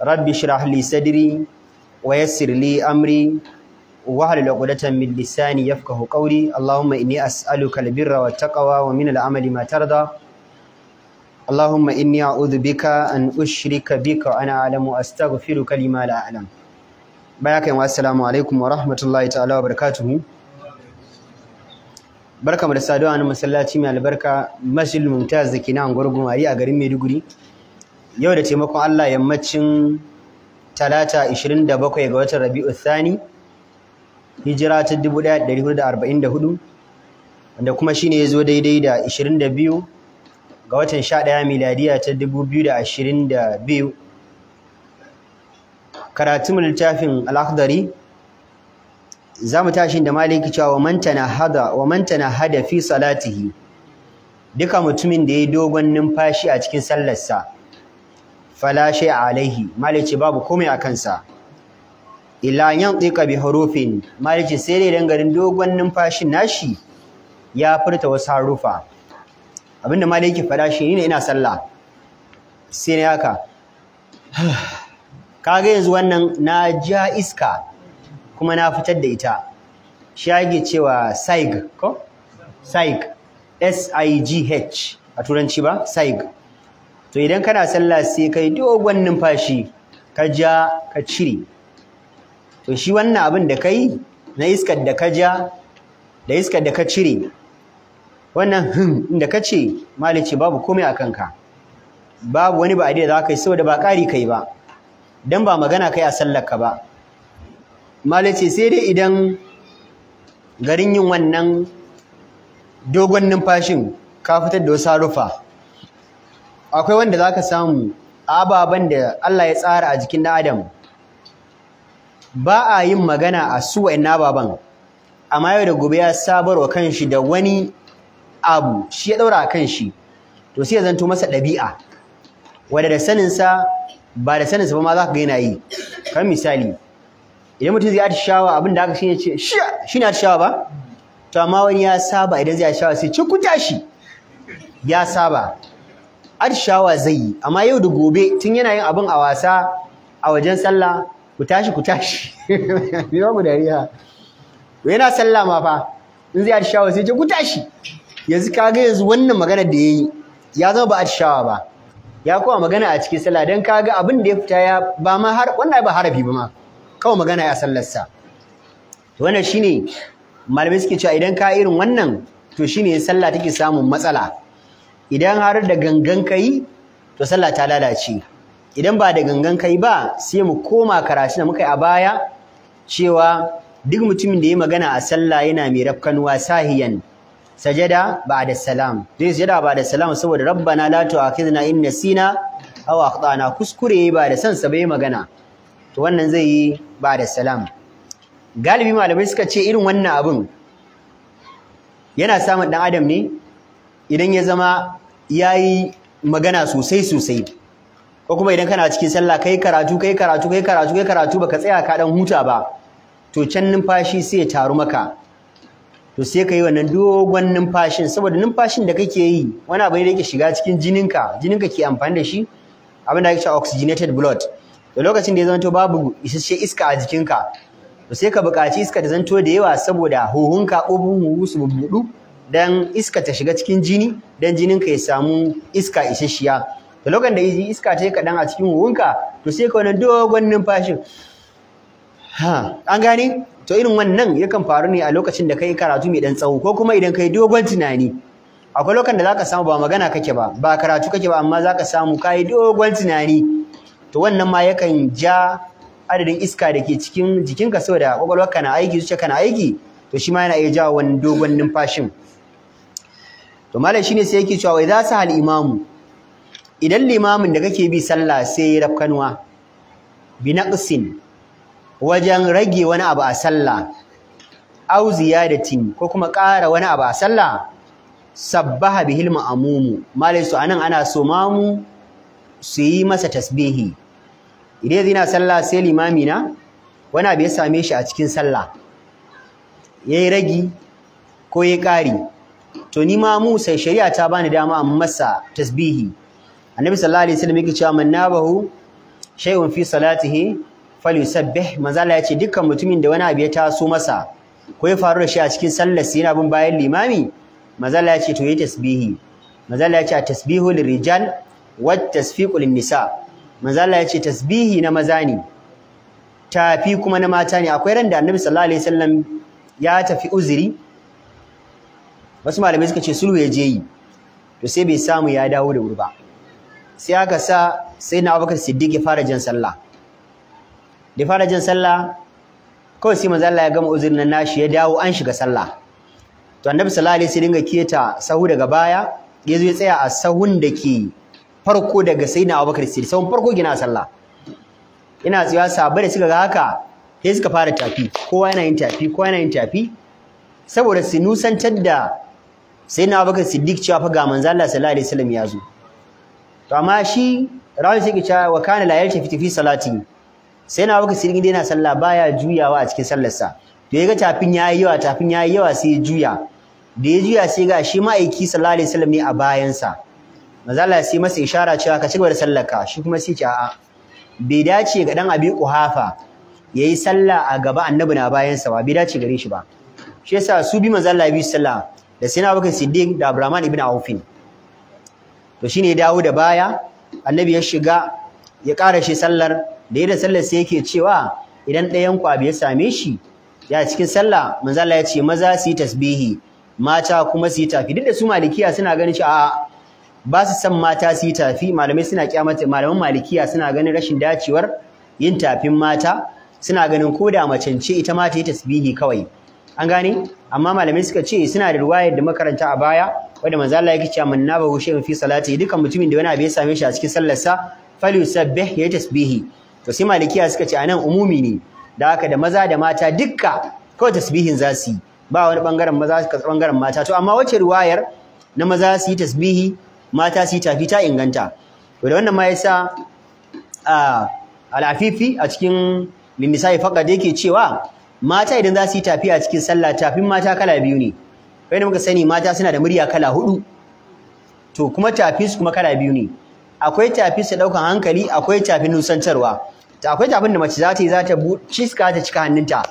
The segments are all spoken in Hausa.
rabbi shirah li sadri wa yassir li amri wa hlul 'uqdatan min lisani yafqahu qawli allahumma inni as'aluka albirra wa wat taqwa wa min al'amali ma tarda allahumma inni a'udhu bika an ushrika bika wa ana a'lamu astaghfiruka lima la a'lam bayakan wa assalamu alaikum wa rahmatullahi ta'ala wa barakatuhu barkamu da saduwa na masallaci mai albarka masjid mumtaz da ke nan gwargwamari a garin maiduguri yau da taimakon Allah yammacin talata 27 ga watan Rabi'u Thani hijira ta 1444 wanda kuma shine zo daidai da 22 ga watan 11 miladiya ta 2022 karatun littafin al-Akhdari mu tashi da maliki cewa man tanahada wa mantana hada fi salatihi duka mutumin da ya yi dogon numfashi a cikin sallarsa fala a alaihi malici babu komai a kansa illa yan tsika bi harufin malici sai dai dangarin dogon numfashin nashi ya furta wasu harufa abinda maliki fada shi ne ina sallah sai ne haka kaga yanzu wannan na ja iska kuma na fitar da ita shi yake cewa saig ko saig s i g h a turanci ba saig to idan kana sallah sai kai dogon numfashi ka ja ka cire to shi wannan abin da kai na iskar da ka ja da iskar da ka cire wannan hin da ka ce malice babu komai a kanka babu wani ba a da za ka yi saboda ba ƙari kai ba dan ba magana kai a sallar ka ba malice sai dai idan garin yin wannan dogon numfashin ka fitar da wasu rufa. akwai wanda za ka samu ababen da Allah ya tsara a jikin da adam ba a yin magana a su ina ababen amma yau da gobe ya sabarwa kanshi da wani abu shi ya ɗaura a kanshi to sai ya zanto masa ɗabi'a wadda da saninsa ba da saninsa ba ma za ka ga yana yi kan misali idan mutum zai atishawa abin da aka shi ne ce shi ne atishawa ba to amma wani ya saba idan zai atishawa sai cikuta shi ya saba arshawa zai yi amma yau da gobe tun yana yin abin a wasa a wajen sallah ku tashi ku tashi ni ba mu dariya to yana sallah ma fa in zai arshawa sai ce ku tashi yanzu kaga yanzu wannan magana da yayi ya zama ba arshawa ba ya kuma magana a cikin sallah dan kaga abin da ya fita ya ba ma har wannan ba harafi ba ma kawai magana ya sallarsa to wannan shine malamai suke cewa idan ka irin wannan to shine sallah take samun matsala idan har da gangan kai to sallah ta lalace idan ba da gangan kai ba sai mu koma karashi da muka yi a baya cewa duk mutumin da ya magana a sallah yana mai rafkan wasahiyan. sajada ba'da salam zai sajada ba'da salam saboda rabbana la tu'akhidna in nasina aw akhtana kuskure ba da san sabai magana to wannan zai yi ba'da salam galibi malamai suka ce irin wannan abin yana samun dan adam ne idan ya zama ya yi magana sosai sosai ko kuma idan kana cikin sallah kai karatu kai karatu kai karatu kai karatu baka tsaya ka dan huta ba to can numfashi sai ya taru maka to sai ka wannan dogon numfashin saboda numfashin da kake yi wani abu ne da yake shiga cikin jininka jininka ke amfani da shi abin da ake cewa oxygenated blood to lokacin da ya zanto babu isasshe iska a jikinka to sai ka buƙaci iska da zanto da yawa saboda huhunka ƙofofin huhu su bubbuɗu dan iska ta shiga cikin jini dan jinin ka ya samu iska isasshiya to lokacin da iska ta kaɗan a cikin huhunka to sai ka wannan dogon numfashin ha an gane to irin wannan yakan faru ne a lokacin da kai karatu mai dan tsawo ko kuma idan kai dogon tunani akwai lokacin da zaka samu ba magana kake ba ba karatu kake ba amma zaka samu kai dogon tunani to wannan ma yakan ja adadin iska da ke cikin jikinka saboda kwakwalwarka na aiki zuciyarka na aiki to shi ma yana iya jawo wani dogon numfashin to malam shine sai yake cewa su hal imamu idan limamin da kake bi sallah sai ya rafkanwa bi naqsin wajen rage wani abu a sallah aw ziyadatin ko kuma ƙara wani abu a sallah sabbaha bihil ma'mumu malai su anan ana so mamu su yi masa tasbihi idan yana sallah sai limami na wani abu ya same shi a cikin sallah yayi ragi ko yayi ƙari to ni ma Musa shari'a ta bani dama in masa tasbihi annabi sallallahu alaihi wasallam yake cewa man nabahu shay'un fi salatihi falyusabbih manzo Allah ya ce dukkan mutumin da wani abu ya taso masa ko ya faru da shi a cikin sallar sai yana bin bayan limami manzo Allah ya ce to yi tasbihi manzo Allah ya ce tasbihu lirijal wa tasfiqu linnisa manzo Allah ya ce tasbihi na maza ne tafi kuma na mata ne akwai randa da annabi sallallahu alaihi wasallam ya tafi uzuri wasu malamai suka ce sulhu ya je yi to sai bai samu ya dawo da wuri ba sai aka sa sai na abubakar siddiq ya fara jan sallah da fara jan sallah kawai sai manzo Allah ya gama uzurin nan nashi ya dawo an shiga sallah to annabi sallallahu alaihi wasallam dinga keta sahu daga baya yazo ya tsaya a sahun da ke farko daga sayyidina Abubakar Siddiq sahun farko gina sallah ina tsaya sabai da suka ga haka sai suka fara tafi kowa yana yin tafi kowa yana yin tafi saboda su nusantar da sai na abubakar siddiq cewa fa ga manzo Allah sallallahu alaihi wasallam ya zo to amma shi rawi sai ke cewa wa kana la yalta fi salati sai na abubakar siddiq dai yana sallah baya juyawa a cikin sallarsa to yaga tafin yayi yawa tafin yayi yawa sai juya da ya juya sai ga shi ma'aiki sallallahu alaihi wasallam ne a bayansa manzo Allah sai masa ishara cewa ka cigaba da ka shi kuma sai cewa a'a bai dace ga dan abi kuhafa yayi sallah a gaba annabi na bayansa ba bai dace gare shi ba shi yasa su bi manzo Allah bi sallah da sayyidina Abubakar Siddiq da abraman ibn Auf to shine ya dawo da baya annabi ya shiga ya ƙara shi sallar da yadda sallar sai yake cewa idan ɗayan ku abu ya same shi ya cikin sallah Manzala ya ce maza su yi tasbihi mata kuma su yi tafi duk da su malikiya suna ganin shi a ba su san mata su yi tafi malamai suna kyamata malaman malikiya suna ganin rashin dacewar yin tafin mata suna ganin ko da macen ce ita ma ta yi tasbihi kawai an gane amma malamai suka ce suna da ruwayar da makaranta a baya wanda manzo Allah yake cewa man nabahu shay'un fi salati dukan mutumin da wani abu ya same shi a cikin sallarsa falyusabbih ya tasbihi to sai malikiya suka ce anan umumi ne da haka da maza da mata dukka ko tasbihin za su yi ba wani bangaren maza ka bangaren mata to amma wace ruwayar na maza su yi tasbihi mata su yi tafi ta inganta to da wannan ma yasa a ah, al'afifi a cikin linisai faqad yake cewa mata idan za su yi tafiya a cikin sallah tafin mata kala biyu ne kai muka sani mata suna da murya kala hudu to kuma tafin su kuma kala biyu ne akwai tafin su daukan hankali akwai tafin nusantarwa ta akwai tafin da mace za ta yi za ta buci iska ta cika hannunta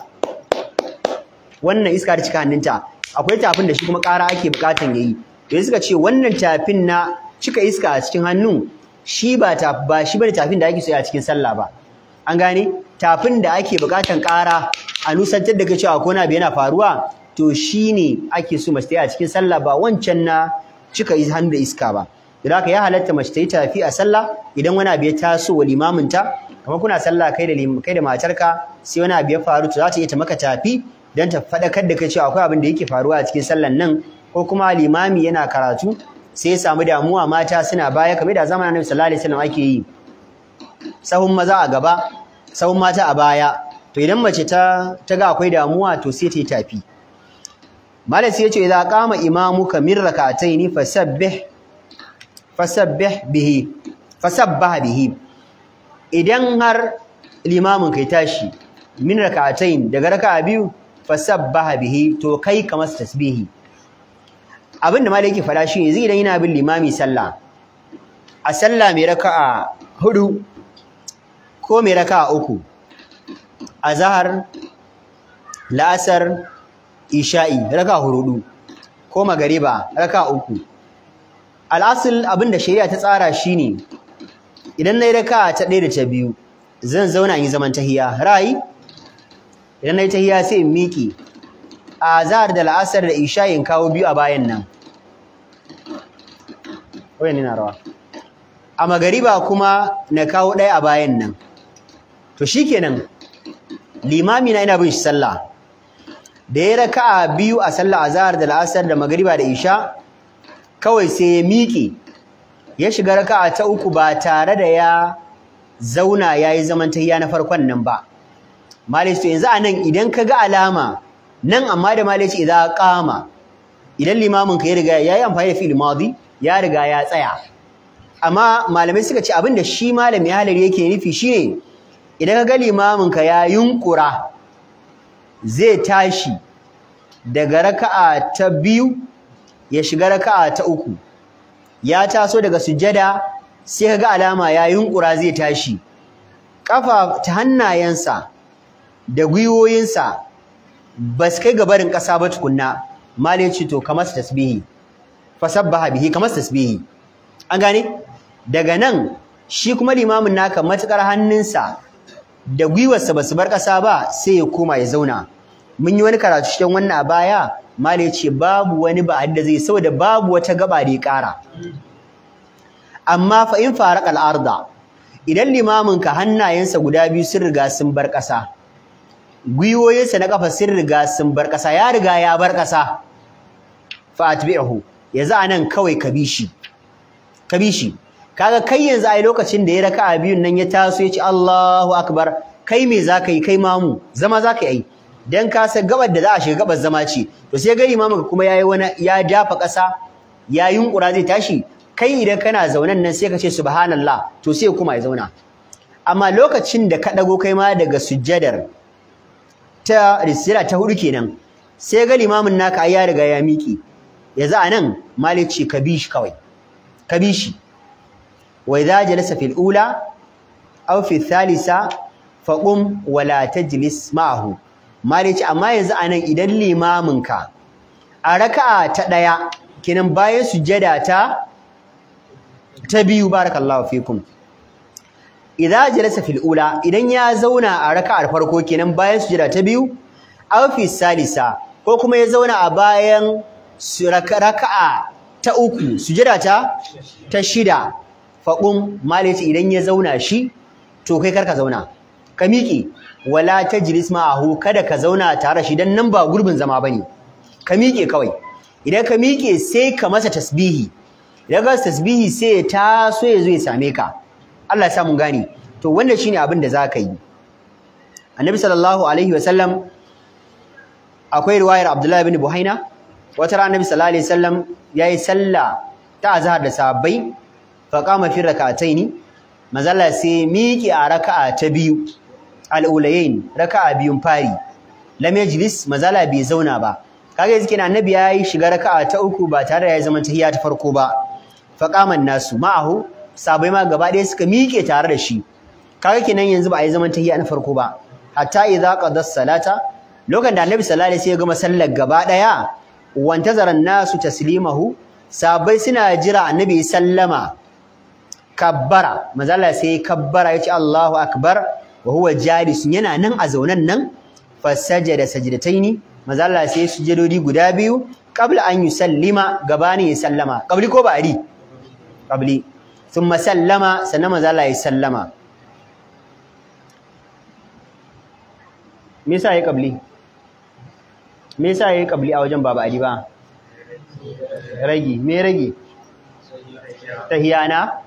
wannan iska ta cika hannunta akwai tafin da shi kuma ƙara ake bukatan yayi to suka ce wannan tafin na cika iska a cikin hannu shi ba ta ba shi bane tafin da ake so a cikin sallah ba an gane tafin da ake bukatan ƙara a nusantar da ka cewa ko na yana faruwa to shi ne ake so mace a cikin sallah ba wancan na cika hannu da iska ba idan ka ya halatta mace ta yi tafi a sallah idan wani abu ya taso wa limaminta kamar kuna sallah kai da kai da matarka sai wani abu ya faru to za ta iya ta maka tafi dan ta faɗakar da ka cewa akwai abin da yake faruwa a cikin sallan nan ko kuma limami yana karatu sai ya samu damuwa mata suna baya kamar da zamanin Annabi sallallahu alaihi wasallam ake yi sahun maza a gaba Sabon mata a baya to idan mace ta ta ga akwai damuwa to sai ta yi tafi malam sai ya ce kama qama imamuka min rak'ataini fasabbih fasabbih bihi fasabbah bihi idan har limamin kai tashi min rak'atain daga raka'a biyu fasabbaha bihi to kai ka tasbihi abin da yake fada shi yanzu idan yana bin limami sallah a sallah mai raka'a hudu ko mai raka uku zahar la'asar isha'i raka hurudu ko magariba raka uku al'asul abin da shari'a ta tsara shine idan nayi raka ta ɗaya da ta biyu zan zauna in yi zaman tahiya rai idan nayi tahiya sai in miƙe zahar da la'asar da isha'i in kawo biyu a bayan nan wani na rawa a magariba kuma na kawo ɗaya a bayan nan to shikenan limami na ina bin shi sallah da ya raka'a biyu a sallah azhar da la'asar da magriba da isha kawai sai ya miƙe ya shiga raka'a ta uku ba tare da ya zauna yayi zaman tahiya na farkon nan ba malai to yanzu anan idan ka ga alama nan amma da malai ce idan qama idan limamin ka ya riga yayi amfani da fi'il madi ya riga ya tsaya amma malamai suka ce da shi malami halari yake nufi shine idan ka ga limaminka ya yunkura zai tashi daga raka'a ta biyu ya shiga raka'a ta uku ya taso daga sujada sai ka ga alama ya yunkura zai tashi kafa ta hannayensa da gwiwoyinsa ba su kai gabarin ƙasa ba tukunna malin to kamar tasbihi fasabbaha bihi kamar tasbihi an gane daga nan shi kuma limamin naka matukar hannunsa da gwiwarsa ba su bar ƙasa ba sai ya koma ya zauna mun yi wani karatu cikin wannan a baya mali ya ce babu wani ba da zai saboda babu wata gaba da ya ƙara amma fa in faraq al idan limamin ka hannayensa guda biyu sun riga sun bar ƙasa gwiwoyinsa na ƙafa sun riga sun bar ƙasa ya riga ya bar ƙasa fa atbi'hu yanzu nan kawai ka bi kaga kai yanzu ai lokacin da ya raka'a biyun nan ya taso ya ci Allahu akbar kai me zaka yi kai mamu zama zaka yi dan ka san gabar da za a shiga gabar zama ce to sai ga imamu kuma yayi wani ya dafa ƙasa ya yunkura zai tashi kai idan kana zaunan nan sai ka ce subhanallah to sai kuma ya zauna amma lokacin da ka dago kai ma daga sujjadar ta risala ta hudu kenan sai ga limamin naka ya riga ya miki yanzu anan malici ka bi shi kawai ka bi shi wa idza jalasa fil ula aw fi thalitha faqum wa la tajlis ma'ahu mali amma yanzu anan idan limamin ka a raka'a ta daya kenan bayan sujada ta ta biyu barakallahu fikum idza jalasa fil ula idan ya zauna a raka'ar farko kenan bayan sujada ta biyu aw salisa ko kuma ya zauna a bayan raka'a ta uku sujjada ta ta shida faɗin mala idan ya zauna shi to kai karka zauna ka miƙe wala ta tajlis ma'ahu kada ka zauna tare shi dan nan ba gurbin zama ba ne. ka miƙe kawai idan ka miƙe sai ka masa tasbihi idan ka tasbihi sai ya taso ya zo ya same ka Allah ya sa mun gane to shi shine abin da za ka yi annabi sallallahu alaihi wasallam akwai riwayar abdullahi Bin buhaina wata rana annabi sallallahu alaihi wasallam yayi sallah ta azhar da sahabbai fa qama fi rak'ataini mazalla sai miƙe a raka'a ta biyu al-ulayain raka'a biyun fari lam yajlis mazalla bai zauna ba kaga yanzu kenan annabi ya yi shiga raka'a ta uku ba tare da ya zama tahiyya ta farko ba Faƙaman qama nasu ma'ahu sabai ma gaba ɗaya suka miƙe tare da shi kaga kenan yanzu ba a yi zaman na farko ba hatta idza qada salata lokacin da annabi sallallahu alaihi wasallam ya gama sallar gaba daya wantazaran nasu ta taslimahu sabai suna jira annabi sallama kabbara mazala sai kabbara yace Allahu akbar wa huwa jalis yana nan a zaunan nan sajada sajdataini mazala sai sujudodi guda biyu qabla an yusallima gabani ya sallama qabli ko ba'di qabli thumma sallama sannan mazala ya sallama me yasa yayi qabli me yasa yayi qabli a wajen baba ali ba ragi me ragi tahiyana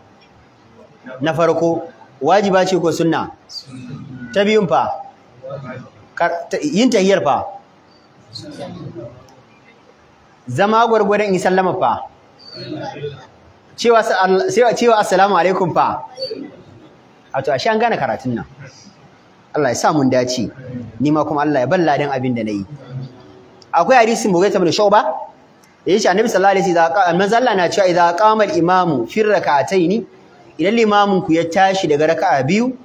na farko wajiba ce ko sunna ta biyun fa yin tahiyar fa zama gwargwadon in sallama fa cewa cewa assalamu alaikum fa wato ashe an gane karatun nan Allah ya sa mun dace ni ma kuma Allah ya balla dan abin da nayi akwai hadisi mugaita bin shuba yace annabi sallallahu alaihi wasallam manzo Allah na cewa idza qama al-imamu fi rak'ataini idan Limaminku ku ya tashi daga raka'a biyu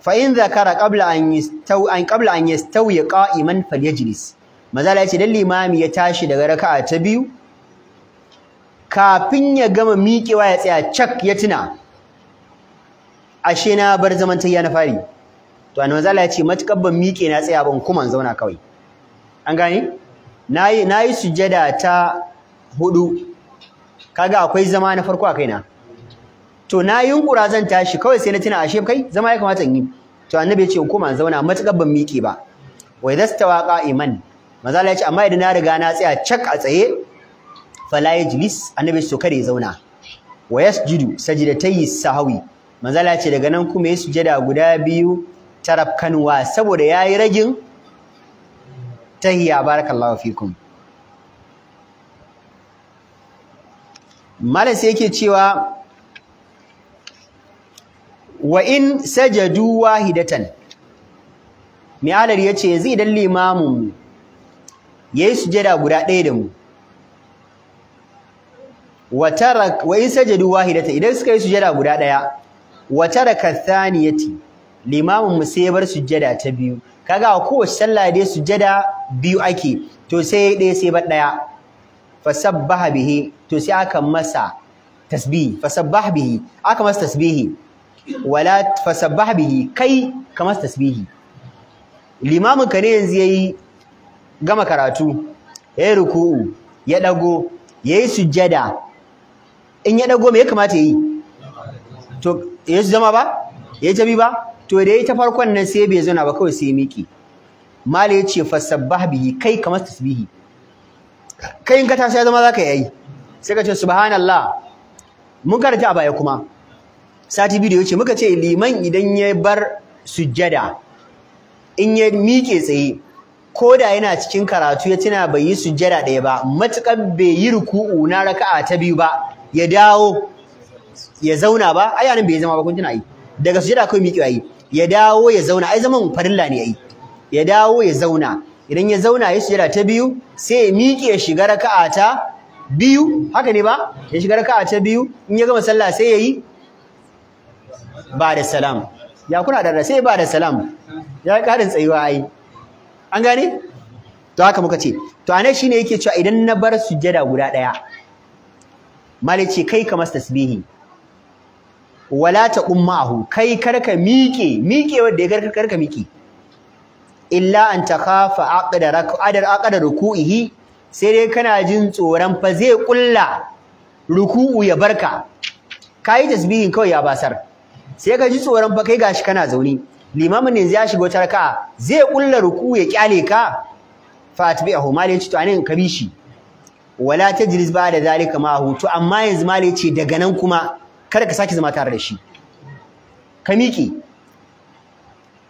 fa in zakara qabla an yastaw an qabla an ya qa'iman falyajlis mazala yace dan limami ya tashi daga raka'a ta biyu kafin ya gama miƙewa ya tsaya cak ya tuna ashe na bar zaman tayya na fari to annabi mazala yace matukar ban miƙe na tsaya ban kuma zauna kawai an gane nayi nayi sujjada ta hudu kaga akwai zama na farko a kaina to na yunkura zan tashi kawai sai na tuna ashe kai zama ya kamata in yi to annabi ya ce koma zauna matsakar ban miƙe ba wai waka iman. qa'iman maza ya ce amma idan na riga na tsaya cak a tsaye fala yajlis annabi ya kare zauna wa yasjudu sajdatayhi sahwi maza ya ce daga nan kuma ya sujada guda biyu kanwa saboda yayi ragin tahiyya barakallahu fikum malam sai yake cewa wa in sajadu wahidatan mai alar ya ce yanzu idan limamin mu ya yi sujada guda ɗaya da mu wa in sajadu wahidatan idan suka yi sujada guda ɗaya wa taraka thaniyati limamin mu sai ya bar sujada ta biyu kaga a kowace sallah dai sujada biyu ake to sai ɗaya sai bar ɗaya fasabbaha bihi to sai aka masa tasbihi fasabbah bihi aka masa tasbihi wala fasabbah bihi kai kamar tasbihi limamin ka ne yanzu yayi gama karatu yayi ruku'u ya dago yayi sujjada in ya dago me ya kamata yayi to yayi zama ba yayi tabi ba to da yayi ta farkon nan sai bai zauna ba kawai sai miki ya yace fasabbah bihi kai kamar tasbihi kai in ka tashi zama zaka yayi sai ka ce subhanallah mun karanta a baya kuma sati biyu da ya muka ce liman idan ya bar sujjada in ya miƙe tsaye ko da yana cikin karatu ya tuna bai yi sujjada ɗaya ba matuƙar bai yi ruku'u na raka'a ta biyu ba ya dawo ya zauna ba ai anan bai zama ba kun tuna yi daga sujjada kai miƙe ai ya dawo ya zauna ai zaman farilla ne yi ya dawo ya zauna idan ya zauna ya sujjada ta biyu sai ya miƙe ya shiga raka'a ta biyu haka ne ba ya shiga raka'a ta biyu in ya gama sallah sai yayi. ba da salam ya kuna da sai ba da salam ya karin tsayuwa ai an gane to haka muka ce to anan shine yake cewa idan na bar sujjada guda daya malice kai ka tasbihi wala ta ummahu kai karka miƙe miƙe wanda ya karka karka miƙe illa an takhafa aqda raqadar aqda ruku'ihi sai dai kana jin tsoron fa zai kulla ruku'u ya barka kai tasbihin kawai ya basar sai ka ji tsoron fa kai gashi kana zaune limamin ne ya shiga wata raka'a zai kulla ruku ya kyale ka fa atbi'ahu mali yace to anan ka bi shi wala tajlis ba da zalika ma to amma yanzu mali yace daga nan kuma kada ka saki zama tare da shi ka miƙe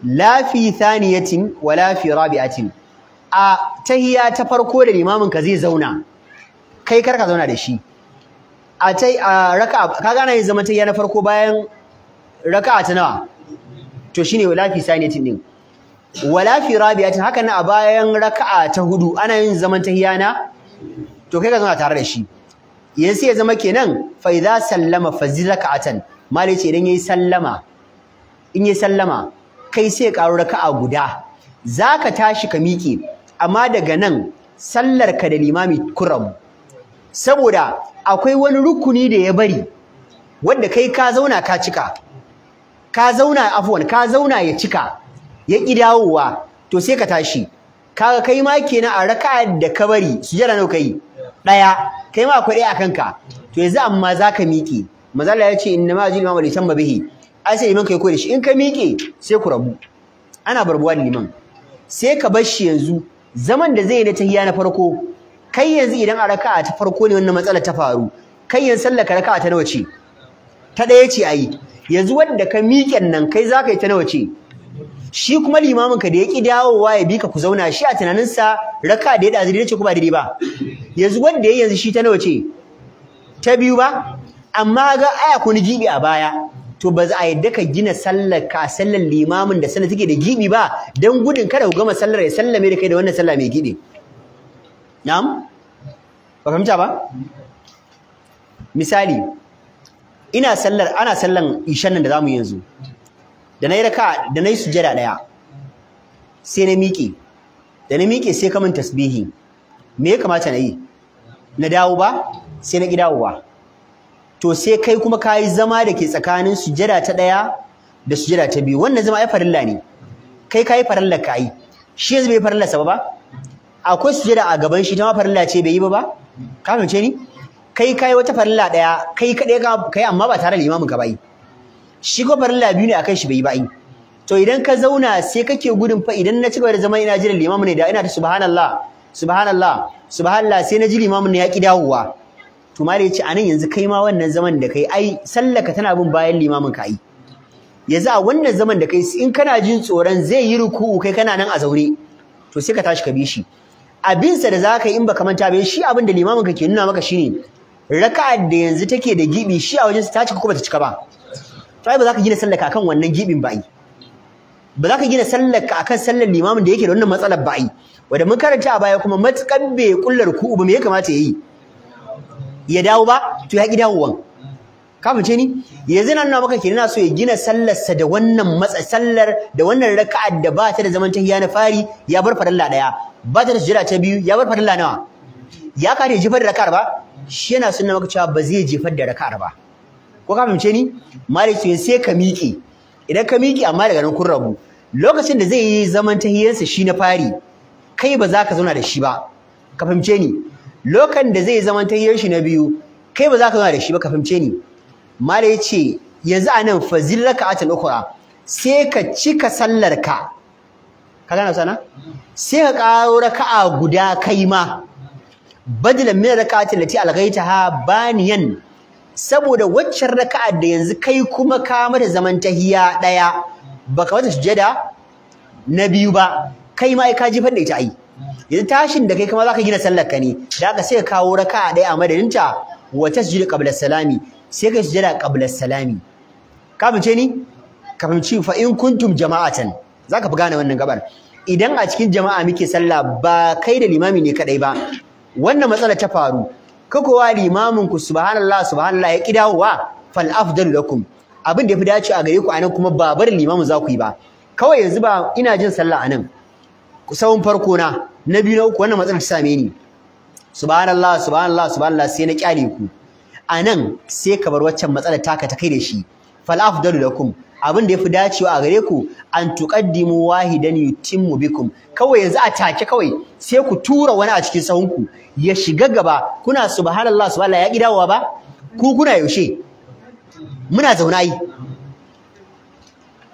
la fi thaniyatin wala fi rabi'atin a tahiya ta farko da limamin ka zai zauna kai kar ka zauna da shi a tai a raka'a kaga ana yin zama tahiya na farko bayan raka'a ta nawa to shine wala fi saniyatin din wala fi rabi'atin haka na a bayan raka'a ta hudu ana yin zaman tahiyana to kai ka zauna tare da shi sai ya zama kenan fa idza sallama fa zilaka'atan mali ce idan yayi sallama in yayi sallama kai sai ya karo raka'a guda zaka tashi ka miƙe amma daga nan sallar ka da limami kuram saboda akwai wani rukuni da ya bari wanda kai ka zauna ka cika ka zauna afwan ka zauna ya cika ya ƙi dawowa to sai ka tashi kaga kai ma kenan a rak'a da ka bari jira nawa kai daya kai ma akwai a akan ka to yanzu amma ka miƙe mazalla ya ce inna ma ajil mamali tamma bihi ai sai iman kai shi in ka miƙe sai ku rabu ana barbuwa da liman sai ka bar shi yanzu zaman da zai yi na tahiya na farko kai yanzu idan a raka ta farko ne wannan matsalar ta faru kai yanzu sallaka raka ta nawa ce ta ɗaya ce ayi yanzu wanda ka miƙen nan kai za ka yi ta nawa ce shi kuma limamin ka da ya ƙi dawowa ya bi ka ku zauna shi a sa raka da ya ɗazi daidai ce ku ba daidai ba yanzu wanda ya yanzu shi ta nawa ce ta biyu ba amma ga aya ku ni gibi a baya to ba za a yadda ka gina sallar ka sallar limamin da sallar take da gibi ba dan gudun kada ku gama sallar ya sallame da kai da wannan sallah mai gibi na'am ba fahimta ba misali ina sallar ana sallan ishan nan da zamu yanzu da nayi raka da nayi sujada daya sai na miƙe da na miƙe sai kaman tasbihi me ya kamata na yi na dawo ba sai na gidawo ba. to sai kai kuma kai zama da ke tsakanin sujada ta daya da sujada ta biyu wannan zama ai farilla ne kai kai farilla kai shi yanzu bai farilla sa ba akwai sujada a gaban shi ta ma farilla ce bai yi ba ba ka fahimce ni kai kai wata farilla daya kai kade ka kai amma ba tare da limamin ka bai shi ko farilla biyu ne akan shi bai bai to idan ka zauna sai kake gudun fa idan na cigaba da zama ina jira limamin ne da ina ta subhanallah subhanallah subhanallah sai na ji limamin ne ya ki dawowa to mali yace anan yanzu kai ma wannan zaman da kai ai sallaka tana bin bayan limamin ka ai yanzu a wannan zaman da kai in kana jin tsoron zai yi ruku'u kai kana nan a zaure to sai ka tashi ka bi shi abinsa da zaka yi in baka manta bai shi abin da limamin ka ke nuna maka shine raka'ar da yanzu take da gibi shi a wajensa ta cika ko bata cika ba to ai ba za ka gina sallaka akan wannan gibin ba ai ba za ka gina sallaka akan sallar limamin da yake da wannan matsalar ba ai wanda mun karanta a baya kuma matukan be kullar ku ba me ya kamata yayi ya dawo ba to ya ki wan Kafin ce ni yanzu nan na maka ke na so ya gina sallarsa da wannan matsa sallar da wannan raka'ar da ba ta da zaman tahiya na fari ya bar farilla daya ba ta da sujjada ta biyu ya bar farilla nawa ya kare jifar da raka'ar ba shi yana sunna maka cewa ba zai jefar da raka'ar ba ko ka fahimce ni maliki sai ka miƙe idan ka miƙe amma daga nan kun rabu lokacin da zai yi zaman tahiyarsa shi na fari kai ba za ka zauna da shi ba ka fahimce ni lokacin da zai yi zaman tahiyar shi na biyu kai ba za ka zauna da shi ba ka fahimce ni mala ce yanzu anan fazil raka'atul ukhra sai ka cika sallar ka ka gane sana sai ka ƙaro raka'a guda kai ma badilan min raka'ati allati ha baniyan saboda waccan raka'ar da yanzu kai kuma ka mata zaman tahiya daya baka wata sujada na biyu ba kai ma ka jifar da ita ai yanzu tashin da kai kuma zaka gina sallar ka ne da ka sai kawo raka'a daya a madadin ta wa tasjudu qabla salami sai ka sujada qabla salami ka fice ni ka fice fa in kuntum jama'atan zaka fi gane wannan gabar idan a cikin jama'a muke sallah ba kai da limami ne kadai ba wannan matsala ta faru kakowa limamin ku subhanallah subhanallah ya kidawa fal afdal lakum abin da yafi dace a gare ku anan kuma ba barin limamin za ku yi ba kawai yanzu ba ina jin sallah anan sawun farko na na biyu na uku wannan matsalar ta same ni subhanallah subhanallah subhanallah sai na kyale ku anan sai ka bar waccan matsalar taka ta kai da shi fal afdalu lakum abin da ya fi dacewa a gare ku an tuqaddimu wahidan yutimmu bikum kawai yanzu a take kawai sai ku tura wani a cikin sahunku ya shiga gaba kuna subhanallah subhanallah ya gidawa ba ku kuna yaushe muna zauna yi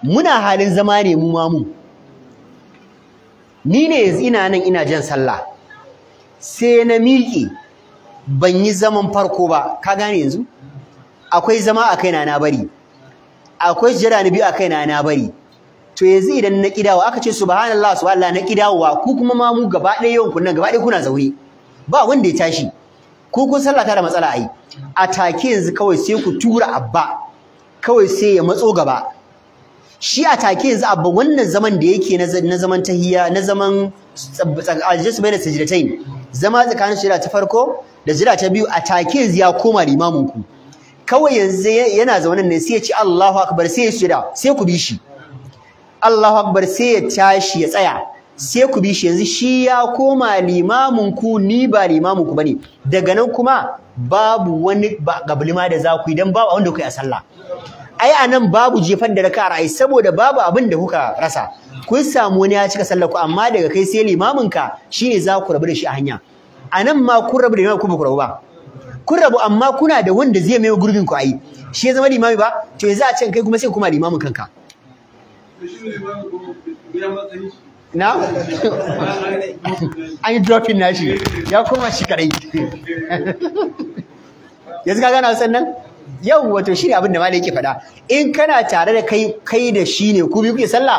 muna halin zama ne mu ma mu ni ne yanzu ina nan ina jan sallah sai na miƙe ban yi zaman farko ba ka gane yanzu akwai zama a kaina na bari akwai jira ni biyu a kaina na bari to yanzu idan na kidawa aka ce subhanallah subhanallah na kidawa ku kuma ma mu gaba ɗaya yawan kunnan gaba ɗaya kuna zaune ba wanda ya tashi ku kun sallah da matsala ai a take yanzu kawai sai ku tura abba kawai sai ya matso gaba shi a take yanzu abba wannan zaman da yake na zaman tahiya na zaman aljis bai da sajidatain zama tsakanin shida ta farko da jira ta biyu a take yanzu ya koma limamin ku kawai yanzu yana zaune ne sai ya ci Allahu akbar sai ya shida sai ku bi shi Allahu akbar sai ya tashi ya tsaya sai ku bi shi yanzu shi ya koma limamin ku ni ba limamin ku bane daga nan kuma babu wani gablima da za ku yi babu wanda kuka yi a sallah ai anan babu jefan da raka ai saboda babu abin da kuka rasa kun samu wani ya cika sallar ku amma daga kai sai limamin ka shine za ku rabu da shi a hanya anan ma kun rabu da limamin ku ba ku rabu ba kun rabu amma kuna da wanda zai mai gurbin ku ayi shi ya zama limami ba to yanzu a ce kai kuma sai kuma limamin kanka na an yi dropping shi ya koma shi kadai yanzu ka gana sannan yau wato shine abin da malai yake faɗa in kana tare da kai kai da shi ne ku biyu kuke sallah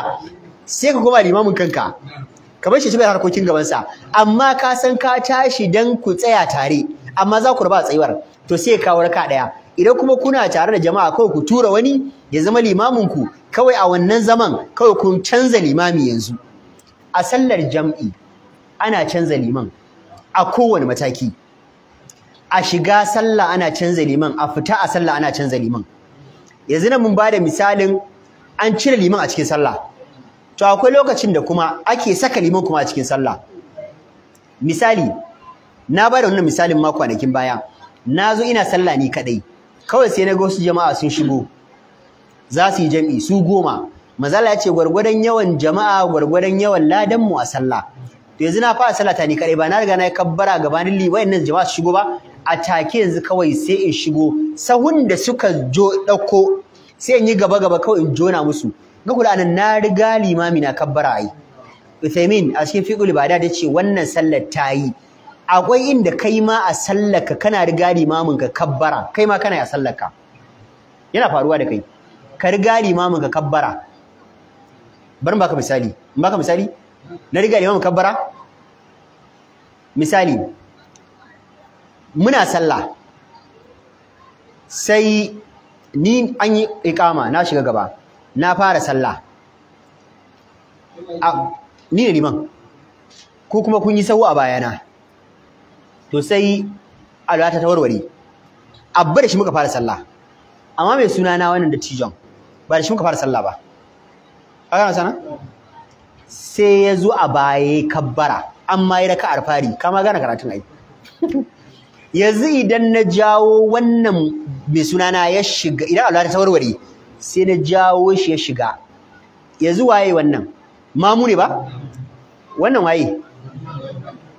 sai ka koma limamin kanka ka bar shi bai harkokin gabansa amma ka san ka tashi dan ku tsaya tare amma za ku raba tsayuwar to sai ka kawo raka daya idan kuma kuna tare da jama'a kawai ku tura wani ya zama limamin ku kawai a wannan zaman kawai kun canza limami yanzu a sallar jam'i ana canza liman a kowane mataki a shiga sallah ana canza liman a fita a sallah ana canza liman yanzu nan mun ba da misalin an cire liman a cikin sallah to akwai lokacin da kuma ake saka liman kuma a cikin sallah misali na ba da wannan misalin ma kwanakin baya na zo ina sallah ni kadai kawai sai na ga wasu jama'a sun shigo za su yi jam'i su goma mazala ya ce gwargwadon yawan jama'a gwargwadon yawan ladan mu a sallah to yanzu na fara sallah ta ni kadai ba na riga na yi kabbara gabanin li wayannan jama'a su shigo ba a take yanzu kawai sai in shigo sahun da suka jo dauko sai in yi gaba gaba kawai in jona musu ga kula na riga limami na kabbara ai Uthaymin a cikin fiqhul ibada ce wannan sallar ta yi akwai inda kai ma a sallaka kana riga limamin ka kabbara kai ma kana a sallaka yana faruwa da kai ka riga limamin ka kabbara bari ba baka misali in baka misali na riga limamin kabbara misali muna sallah sai ni an yi ikama na shiga gaba na fara sallah ni ne liman ko kuma kun yi sawu a bayana to sai alwala ta warware abba da shi muka fara sallah amma mai suna na wannan da tijon ba da shi muka fara sallah ba kaga na sana sai ya zo a baya kabbara amma ya raka arfari kama gane karatun ai yanzu idan na jawo wannan mai suna na ya shiga idan alwala ta warware sai na jawo shi ya shiga yanzu waye wannan mamu ne ba wannan waye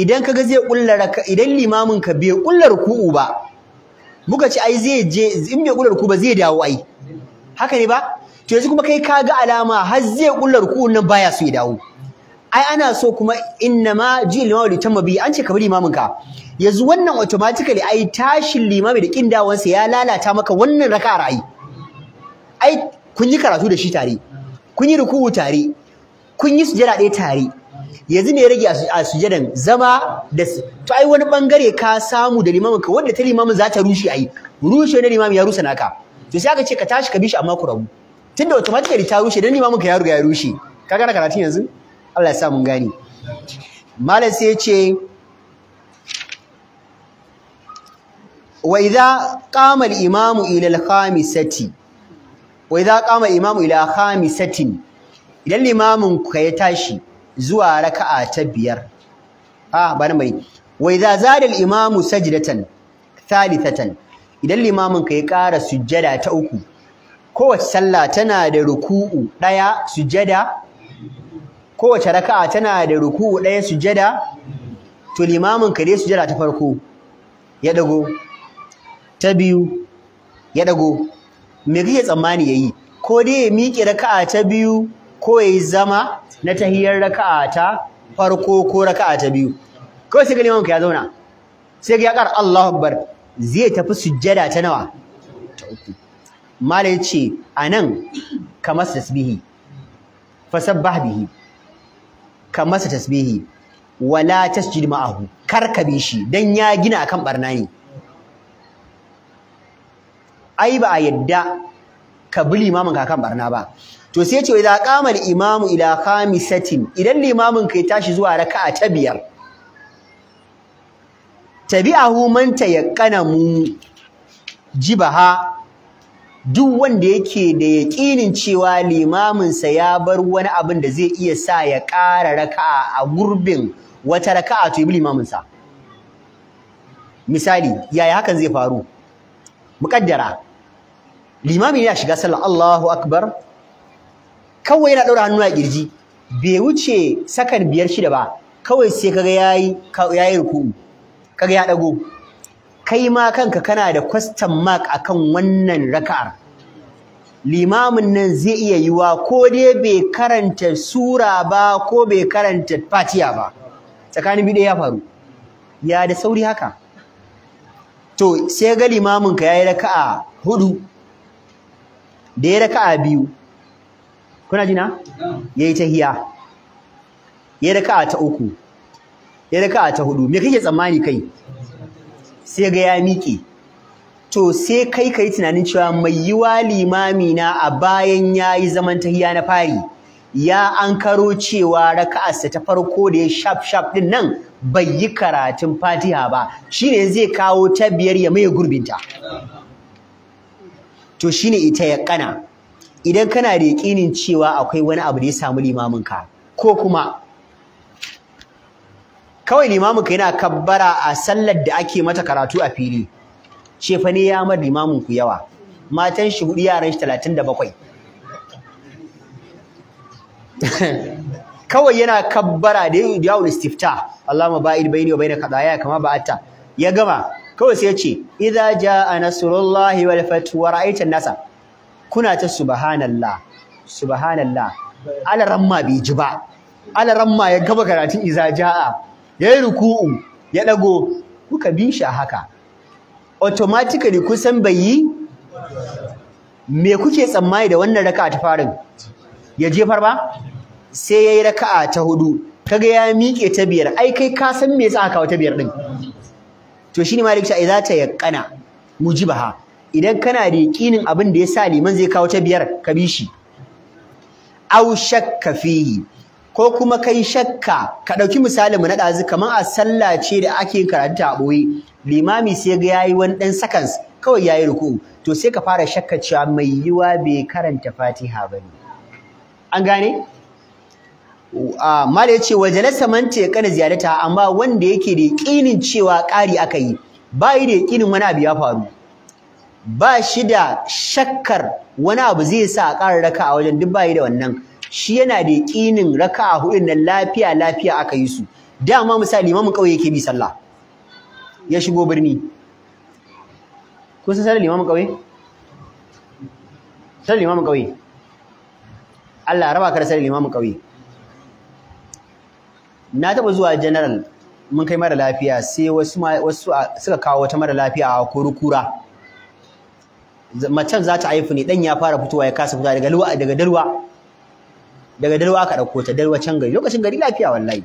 idan kaga zai kulla idan limamin ka bai kulla ruku'u ba muka ci ai zai je in bai kulla ruku'u ba zai dawo ai haka ne ba to yanzu kuma kai kaga alama har zai kulla ruku'un nan baya so ya dawo ai ana so kuma innama ji limamin tamma bi an ce ka bi limamin ka yanzu wannan automatically ai tashin limami da kin dawansa ya lalata maka wannan rakaa rai. ai kun yi karatu da shi tare kun yi ruku'u tare kun yi sujada ɗaya tare yanzu me ya rage a sujadan zama da to ai wani bangare ka samu da limamin ka wanda ta limamin za ta rushe ai rushe na limamin ya rusa naka to sai aka ce ka tashi ka bi shi amma ku rabu tunda automatically ta rushe dan limamin ka ya riga ya rushe ka gana karatun yanzu Allah ya sa mun gane malam sai ya ce wa idza qama al-imamu ila al-khamisati wa idza qama imamu ila khamisatin idan limamin ka ya tashi zuwa raka'a ta biyar a bari mai wa idza zada al-imamu sajdatan thalithatan idan limamin ka ya ƙara sujjada ta uku kowace sallah tana da ruku'u ɗaya sujjada kowace raka'a tana da ruku'u ɗaya sujjada to limamin ka dai sujjada ta farko ya dago ta biyu ya dago me kake tsammani yayi ko dai ya miƙe raka'a ta biyu ko yayi zama na tahiyar raka'a ta farko ko raka'a ta biyu kawai sai ga liman ya zauna sai ga ya ƙara Allahu Akbar zai tafi sujjada ta nawa ta uku a nan ka masa tasbihi fasabbah bihi ka masa tasbihi wala tasjid ma'ahu karkabe shi dan ya gina akan barna ne ai ba a yadda ka bi limamin kakan kan barna ba to sai ce idza qama al-imamu ila khamisatin idan limamin ka ya tashi zuwa raka'a ta biyar tabi'ahu man tayaqqana mu jibaha duk wanda yake da yaƙinin cewa limaminsa ya bar wani abin da zai iya sa ya ƙara raka'a a gurbin wata raka'a to bi limaminsa misali yaya hakan zai faru muƙaddara limami yana shiga sallah Allahu akbar kawai yana daura hannu a kirji bai wuce sakan biyar shida ba kawai sai kaga yayi yayi ruku'u kaga ya dago kai ma kanka kana da question mark akan wannan raka'ar limamin nan zai iya yiwa ko dai bai karanta sura ba ko bai karanta fatiya ba tsakanin biyu ya faru ya da sauri haka to sai ga limamin ka yayi raka'a hudu da ya raka'a biyu kuna jina ta hiya. ya raka'a ta uku ya raka'a ta hudu me kake tsammani kai sai ga ya miƙe to sai kai ka yi tunanin cewa mai yiwa limami na a bayan ya yi zaman ta tahiya na fari ya ankaro cewa raka'arsa ta farko da ya shaf shaf din nan bai yi karatun Fatiha ba Shi ne zai kawo ta biyar ya maye gurbinta to shine ita ya kana idan kana da yakinin cewa akwai wani abu da ya samu limamin ka ko kuma kawai limamin ka yana kabbara a sallar da ake mata karatu a fili fa ne ya mar limamin ku yawa matan shi hudu yaran shi 37 kawai yana kabbara da yawon istifta Allah ma ba'id bayni wa bayna qadaya kama ba'atta ya gama kawai sai ya ce idza jaa nasrullahi wal fathu wa ra'aita nasa kuna ta subhanallah subhanallah ala ramma bai ji ba alaran ma ya gaba karatun idza jaa yayi ruku'u ya dago kuka bi shi haka automatically kusan bai yi me kuke tsammani da wannan raka'a ta farin ya jefar ba sai yayi raka'a ta hudu kaga ya miƙe ta biyar ai kai ka san me yasa aka kawo ta biyar din to shine malik cewa idza ta yaqana mujibaha idan kana da yakinin abin da sa liman zai kawo ta biyar ka bi shi aw shakka fihi ko kuma kai shakka ka dauki misalin mu na dazu kamar a sallah ce da ake karanta a boye limami sai ga yayi wani dan seconds kawai yayi ruku to sai ka fara shakka cewa mai yiwa bai karanta Fatiha bane an gane mala yace wa jalasa man ta kana ziyarata amma wanda yake da yakinin cewa ƙari aka yi bai da yakinin wani abu ya faru ba shi da shakkar wani abu zai sa a ƙara raka a wajen duk bai da wannan shi yana da yakinin a hudun nan lafiya lafiya aka yi su dama misali imamin ƙauye yake bi sallah ya shigo birni kun san sallar ƙauye sallar imamin Allah raba ka da sallar imamin ƙauye na taɓa zuwa general mun kai mara lafiya sai wasu wasu suka kawo wata mara lafiya a kurukura. macen za ta haifu ne dan ya fara fitowa ya kasa fitowa daga dalwa daga dalwa daga aka dauko ta dalwa can gari lokacin gari lafiya wallahi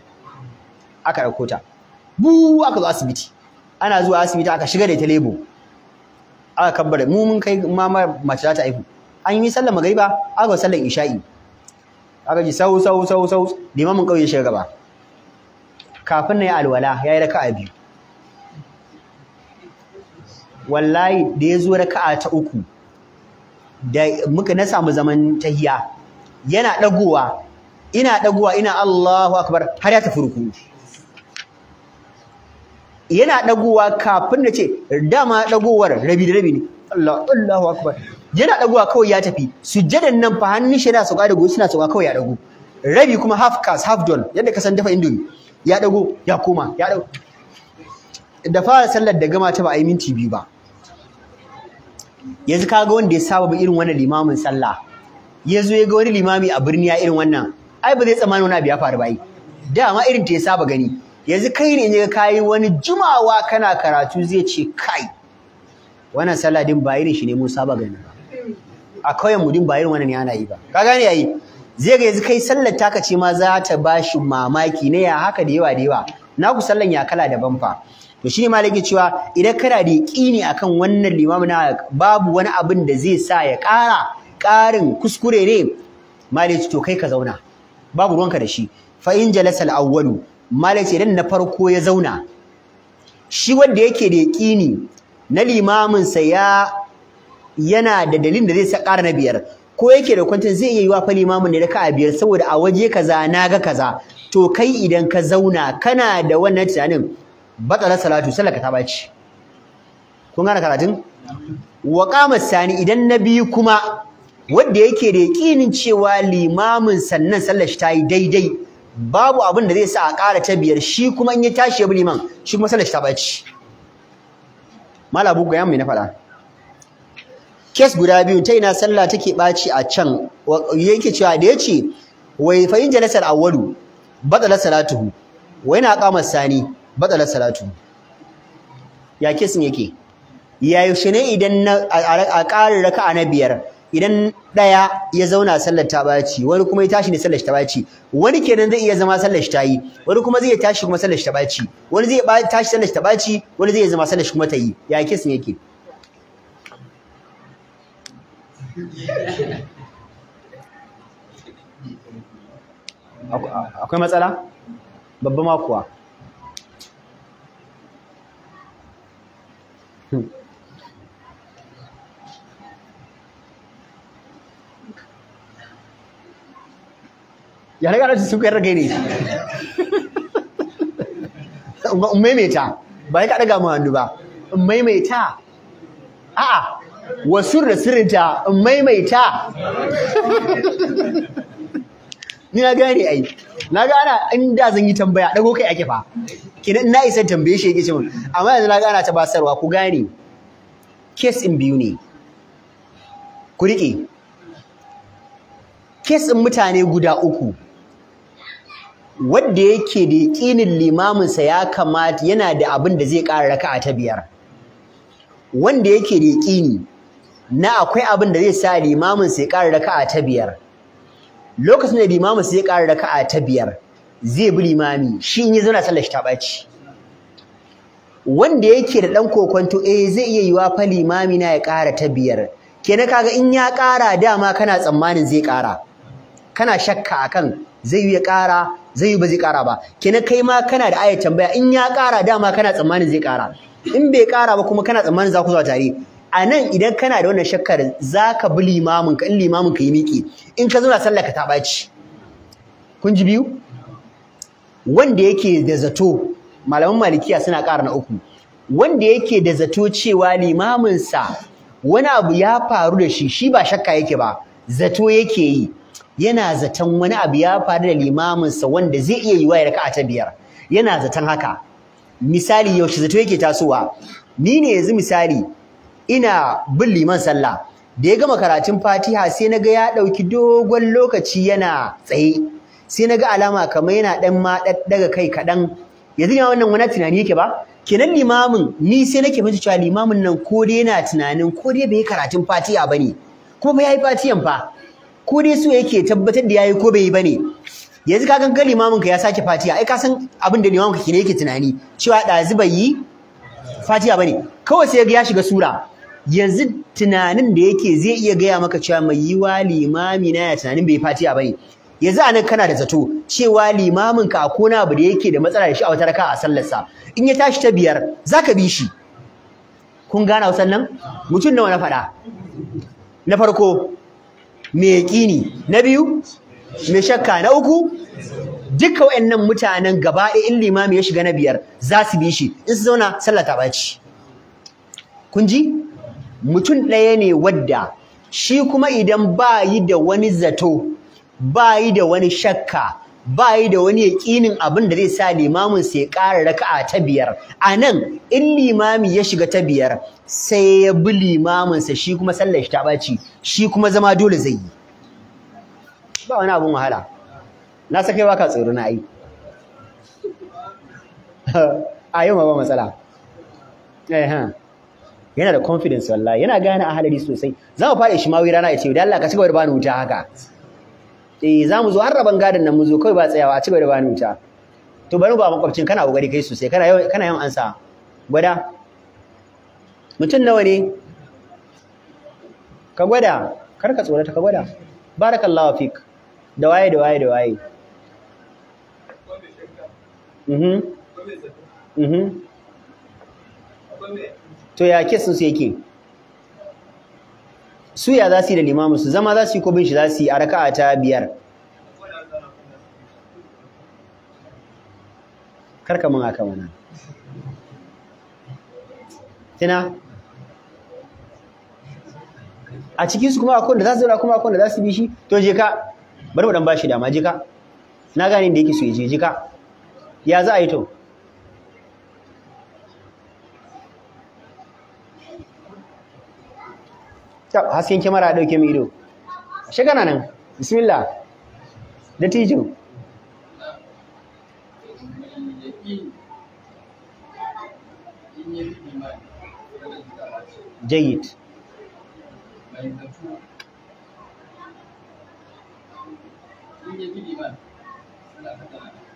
aka dauko ta bu aka zo asibiti ana zuwa asibiti aka shiga da ita lebo aka kabbare mu mun kai mama mace za ta haifu an yi sallar magariba aka sallar isha'i aka ji sau sau sau sau limamin kauye shiga gaba kafin na yi alwala ya yi raka'a biyu wallahi da ya zo raka'a ta uku da muka na samu zaman tahiya yana ɗagowa. ina ɗagowa ina Allahu akbar har ya tafi ruku yana ɗagowa kafin na ce dama ɗagowar rabi da rabi ne Allah Allahu akbar yana ɗagowa kawai ya tafi sujjadan nan fa hannun shi yana sauka da goshi na sauka kawai ya ɗagu. rabi kuma half cast half done yadda ka san dafa indomie ya dago ya koma ya dago da fara sallar da gama ta ba a yi minti biyu ba yanzu kaga wanda ya saba ba irin wannan limamin sallah ya zo ya ga wani limami a birni ya irin wannan ai ba zai tsammani wani abu ya faru ba yi dama irin ta ya saba gani yanzu kai ne ga yi wani jumawa kana karatu zai ce kai wannan sallah din ba irin shi ne mun saba gani ba a kauyen mu din ba irin wannan ne ana yi ba ka gane yayi zai ga yanzu kai sallar taka ce ma za ta ba mamaki ne ya haka da yawa da yawa na ku sallan ya kala daban fa to shine ma cewa idan kana da yaƙini akan wannan limamin na babu wani abin da zai sa ya ƙara ƙarin kuskure ne malai to kai ka zauna babu ruwanka da shi fa in jalasal awwalu malai idan na farko ya zauna shi wanda yake da yaƙini na limamin sa ya yana da dalilin da zai sa ƙara na biyar ko yake da kwantar zai iya yiwa fa limamin ne ka biyar saboda a waje kaza na ga kaza to kai idan ka zauna kana da wannan tunanin batsala salatu sallaka ta baci kun gane karatun wa qama sani idan na biyu kuma wanda yake da yakinin cewa limamin sannan sallar shi ta yi daidai babu abin da zai sa a ƙara ta biyar shi kuma in ya tashi ya bi liman shi kuma sallar shi ta baci malabu ga yamu na faɗa kes guda biyu ta ina sallah take ɓaci a can yake cewa da yace ce wai fa in jalasar awwalu badala salatuhu wai na kama sani badala salatuhu ya kesin yake ya yaushe ne idan a ƙarin raka'a na biyar idan ɗaya ya zauna sallar ta ɓaci wani kuma ya tashi ne sallar ta ɓaci wani kenan zai iya zama sallar ta yi wani kuma zai tashi kuma sallar ta ɓaci wani zai tashi sallar ta ɓaci wani zai zama sallar kuma ta yi ya kesin yake akwai matsala babba ma kuwa hmm. ya na gada su kayar rage ne maimaita ba ya kaɗa gama hannu ba maimaita a'a wa sirra sirrinta in maimaita ni na gane ai na ga in da zan yi tambaya dago kai ake fa kenan na isa tambaye shi yake ce mun amma yanzu na gana ta basarwa ku gane case in biyu ne ku rike case in mutane guda uku wanda yake da yakinin limaminsa ya kamata yana da abin da zai ƙara raka'a ta biyar wanda yake da yakinin na akwai abin da zai sa limamin sai ƙara da ka'a ta biyar lokacin da limamin sai ƙara da ka'a ta biyar zai bi limami shi in ya zauna sallar shi ta ɓaci wanda yake da ɗan kokonto eh zai iya yiwa fa limami na ya ƙara ta biyar kenan kaga in ya ƙara dama kana tsammanin zai ƙara kana shakka akan zai yi ya ƙara zai yi ba zai ƙara ba kenan kai ma kana da ayar tambaya in ya ƙara dama kana tsammanin zai ƙara in bai ƙara ba kuma kana tsammanin za ku zuwa tare a nan idan kana da wannan shakkar za ka bi limamin ka in limamin ka yi miki in ka zauna sallah ka ta ɓaci kun ji biyu wanda yake da zato malaman malikiya suna ƙara na uku wanda yake da zato cewa limaminsa wani abu ya faru da shi shi ba shakka yake ba zato yake yi yana zaton wani abu ya faru da limaminsa wanda zai iya yiwa ya raka'a ta biyar yana zaton haka misali yaushe zato yake tasowa ni ne yanzu misali ina bin liman sallah da ya gama karatun fatiha sai na ga ya ɗauki dogon lokaci yana tsaye sai na ga alama kamar yana ɗan ma daga kai kaɗan yanzu ya wannan wani tunani yake ba kenan limamin ni sai nake fahimci cewa limamin nan ko dai yana tunanin ko dai bai yi karatun fatiha ba ne kuma ya yi fatiyan fa ko dai so yake tabbatar da ya yi ko bai yi ba ne yanzu ka ganka limamin ka ya sake fatiha ai ka san abin da limamin ka kenan yake tunani cewa ɗazu bai yi fatiha ba ne kawai sai ya shiga sura yanzu tunanin da yake zai iya gaya maka cewa mai yiwa limami na ya tunanin bai fatiya ba ne. yanzu a nan kana da zato cewa limamin ka ko na abu da yake da matsala da shi a wata raka a sallarsa in ya tashi ta biyar za ka bi shi kun gana wasan nan mutum nawa na faɗa na farko me yaƙini na biyu me shakka na uku duka wayannan mutanen gaba ɗaya in limami ya shiga na biyar za su bi shi in su zauna sallah ta ɓaci kun ji mutum ɗaya ne wadda shi kuma idan ba yi da wani zato ba yi da wani shakka ba yi da wani yaƙinin abin da zai sa limaminsa ya ƙara raka'a ta biyar a nan in limami ya shiga ta biyar sai ya bi limaminsa shi kuma sallar shi ta ɓaci shi kuma zama dole zai yi ba wani abin wahala na sakai baka tsoro na yi a yau ma ba matsala eh yana da confidence wallahi yana gane ahalari sosai za mu fara ishmawi rana ya ce da Allah ka cigaba da bani wuta haka eh za mu zo har raban gadon nan mu zo kai ba tsayawa a cigaba da bani wuta to bari ba makwabcin kana kokari kai sosai kana yawan kana yawan ansa gwada mutum nawa ne ka gwada kar ka tsorata ka gwada barakallahu fik da waye da waye da waye mhm mhm to ya kesin su yake su ya za su yi da Limamu, su zama za su yi ko bin shi za su yi a raka'a ta biyar karka mun haka mana tana a cikin su kuma akwai da za su zaura kuma akwai da za su bi shi to je ka bari mu dan bashi dama je ka na gane da yake so ya je je ka ya za a yi to hasken kyamara ya ɗauke mai ido shi gana nan bismillah da tijin jayyid a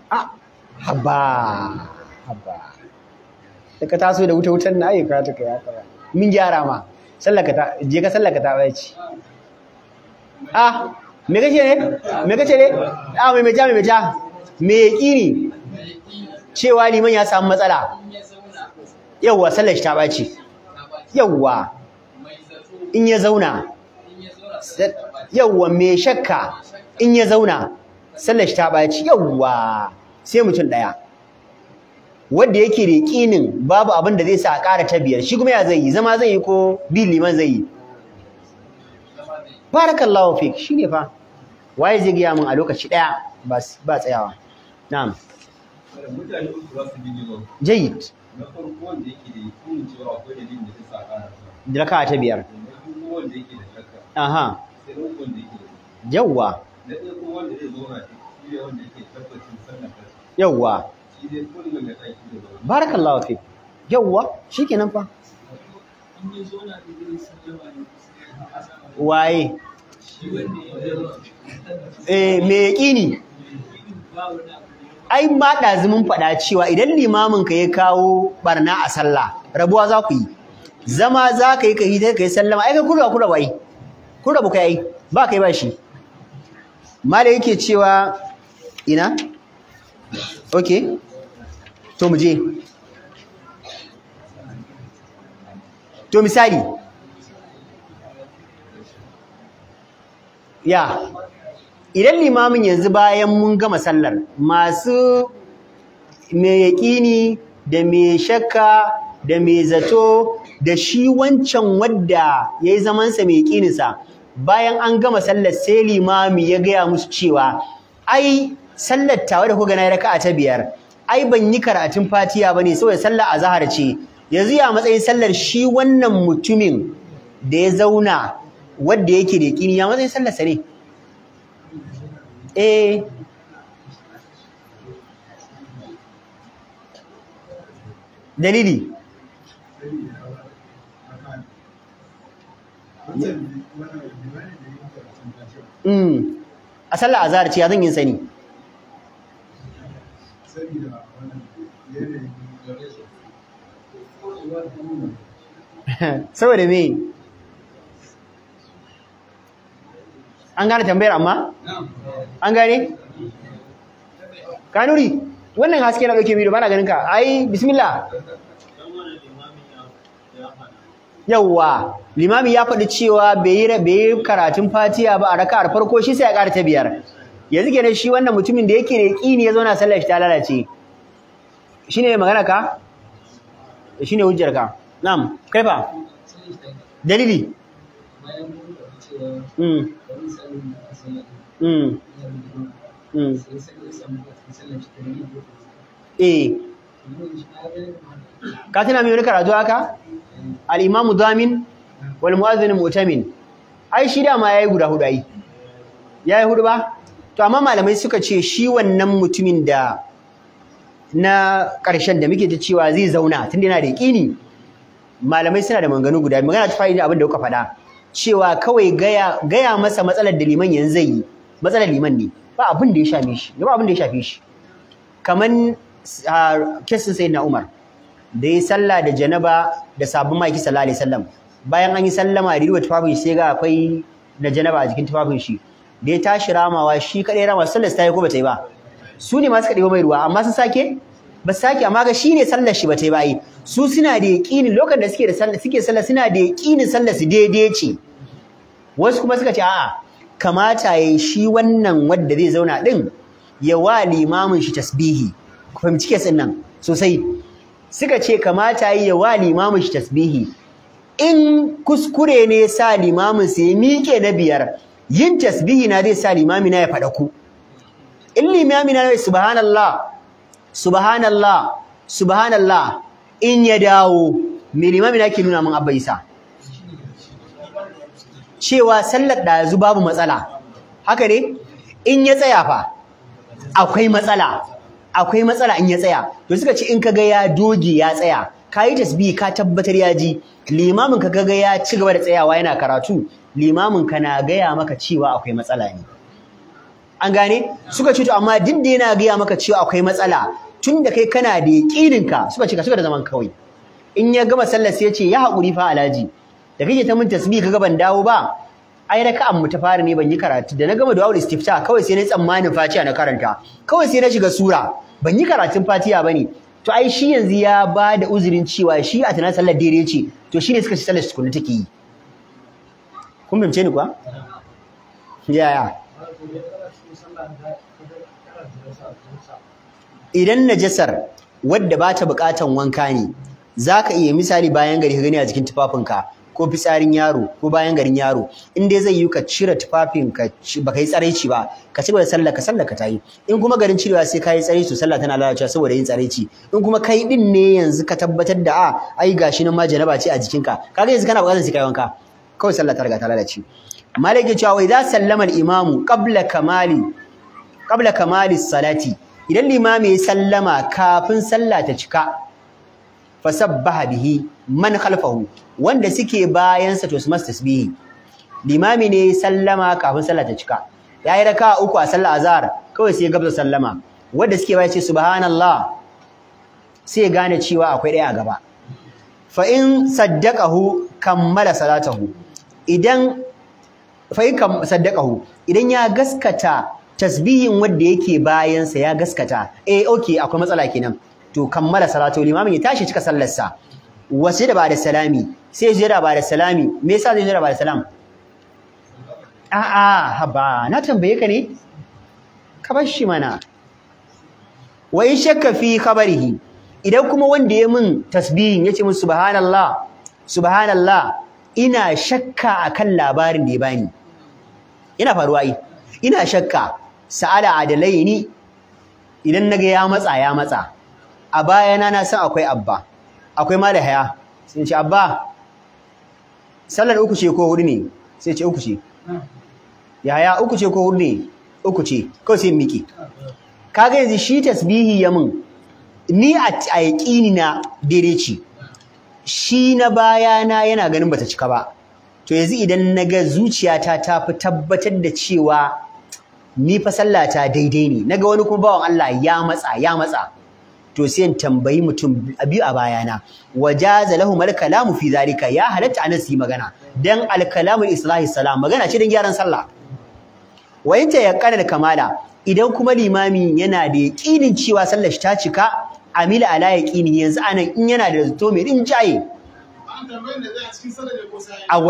ah, haba haba da ka taso da wuta-wutan na ayyuka ta kai ya min gyara ma sallaka ta je ka sallaka ta bace ah me kace ne me kace ne ah me meja me meja me yaqini cewa liman ya samu matsala yawwa sallar shi ta bace yawwa in ya zauna yawwa me shakka in ya zauna sallar shi ta bace yawwa sai mutum daya wanda yake da babu abin da zai sa a ƙara ta biyar shi kuma ya zai yi zama zai yi ko bi liman zai yi barakallahu fik shine fa waye zai gaya min a lokaci daya ba ba tsayawa na'am jayyid na da ka a ta biyar aha yawwa yawwa barakallahu fi yawwa nan fa waye eh me ƙini ai ɗa ɗazumin faɗa cewa idan limamin ka ya kawo ɓarna a sallah rabuwa za ku yi zama za ka yi ka yi ta ka yi sallama ai kai kurwa kurwa yi kurwa ba yi, ba kai ba shi malai yake cewa ina okay to mu je to misali ya idan limamin yanzu bayan mun gama sallar masu mai yaƙini da mai shakka da mai zato da shi wancan wadda ya yi zamansa mai yaƙininsa bayan an gama sallar sai limami ya gaya musu cewa ai sallar tawa da kuka na raka'a ta biyar ai ban yi karatun fatiya bane saboda sallar azhar ce yanzu ya matsayin sallar shi wannan mutumin da ya zauna wanda yake da kini ya matsayin sallar sa ne eh dalili mm. A sallar azhar ce ya zan yin sani. saboda yanayi saboda me an gane tambayar amma an gane kanuri wannan haske na dauke biyu ba ganin ka ai bismillah yawwa limami ya faɗi cewa bai yi karatun fatiya ba a raka'ar farko shi sai ya ƙara ta biyar yanzu kenan shi wannan mutumin da yake da yaqini ya zauna sallar shi ta lalace shine magana ka shine hujjar ka na'am kai fa dalili mm mm eh ka tana mai wani karatu haka al-imamu damin wal mu'azzin mu'tamin ai shi dama yayi guda hudu ai yayi hudu ba to amma malamai suka ce shi wannan mutumin da na ƙarshen da muke ta cewa zai zauna tun yana da yaƙini malamai suna da maganganu guda magana ta fa'ida abin da kuka faɗa cewa kawai gaya gaya masa matsalar da liman yanzu zai yi matsalar liman ne ba abin da ya shafe shi ba abin da ya shafe shi kaman ah, kesin na Umar da ya sallah da janaba da sabon maki sallallahu alaihi wasallam bayan an yi sallama da ruwa tufafin shi sai ga akwai na janaba a jikin tufafin shi da ya tashi ramawa shi kadai rama sallar ta yi ko bata yi ba su ne ma suka ɗebo mai ruwa amma sun sake ba su sake amma ga shi ne sallar shi bata yi ba yi su suna da yaƙinin lokacin da suke da sallar suke sallar suna da yaƙinin sallar su daidai ce wasu kuma suka ce a'a kamata yayi shi wannan wanda zai zauna din ya wa limamin shi tasbihi ku fahimci kesin nan sosai suka ce kamata yayi ya wa limamin shi tasbihi in kuskure ne sa limamin sai miƙe na biyar yin tasbihi na zai sa limami na ya faɗa ku in limami na ya subhanallah subhanallah subhanallah in ya dawo me limami na ke nuna min abba isa cewa sallar yanzu babu matsala haka ne in ya tsaya fa akwai matsala akwai matsala in ya tsaya to suka ce in kaga ya doge ya tsaya ka yi tasbihi ka tabbatar ya ji limamin ka kaga ya ci gaba da tsayawa yana karatu limamin ka na gaya maka cewa akwai matsala ne an gane suka ce to amma duk da yana gaya maka cewa akwai matsala tun da kai kana da yaƙinin ka suka ce ka suka da zaman kawai in ya gama sallar sai ya ce ya haƙuri fa alaji da kake ta min tasbih kaga ban dawo ba ai an mu ta fara ne ban yi karatu da na gama du'a istifta kawai sai na tsammanin fatiha na karanta kawai sai na shiga sura ban yi karatun fatiha bane to ai shi yanzu ya ba da uzurin cewa shi a tana sallar daidai ce to shine suka ci sallar su kullu take yi kun bimce ni kuwa yaya idan najasar wadda ba ta buƙatan wanka ne za ka iya misali bayan gari ka gani a jikin tufafinka ko fitsarin yaro ko bayan garin yaro in dai zai yi ka cire tufafin ka ba ka yi tsaraici ba ka ci da sallah ka sallah ka ta yi in kuma garin cirewa sai ka yi tsaraici sallah tana lalacewa saboda yin tsaraici in kuma kai din ne yanzu ka tabbatar da a ai gashi nan ma janaba ce a jikinka kaga yanzu kana buƙatar sai kai wanka kawai sallah ta riga ta lalace maliki cewa wa idza sallama al-imamu qabla kamali qabla kamali salati idan limami ya sallama kafin sallah ta cika sabbaha bihi man khalfahu wanda suke bayan sa to su tasbihi limami ne ya sallama kafin sallah ta cika yayi raka uku a sallah azhar kawai sai gabza sallama wanda suke bayan ce subhanallah sai gane cewa akwai ɗaya a gaba fa in saddaqahu kammala salatahu idan faika saddaqahu idan ya gaskata tasbihin wanda yake bayansa ya gaskata eh okay akwai matsala kenan to kammala salatu limamin ya tashi cika sallarsa wasu da ba da salami sai jira ba da salami me yasa zai jira ba da salam a'a haba na tambaye ka ne ka bar shi mana wa in shakka fi khabarihi idan kuma wanda ya min tasbihin yace min subhanallah subhanallah ina shakka akan labarin da ya bani ina faruwa yi ina shakka sa'ala adalai ni idan naga ya matsa ya matsa a bayana na san akwai abba akwai ma da haya sai ce abba sallar uku ce ko hudu ne sai ce uku ce yaya uku ce ko hudu ne uku ce kawai sai miki kaga yanzu shi tasbihi ya mun ni a yaƙini na daidai ce shi na baya na yana ganin bata cika ba to yanzu idan na ga zuciyata ta fi tabbatar da cewa ni fa sallata daidai ne naga wani kuma bawan Allah ya matsa ya matsa to sai in tambayi mutum biyu a bayana wajaza mal kalamu fi zalika ya halatta anan yi magana dan kalamu islahi salam magana ce dan gyaran sallah wayanta ya kamala idan kuma limami yana da yaƙinin cewa sallar shi ta cika amila ala yaqini yanzu nan in yana da zato mai rinjaye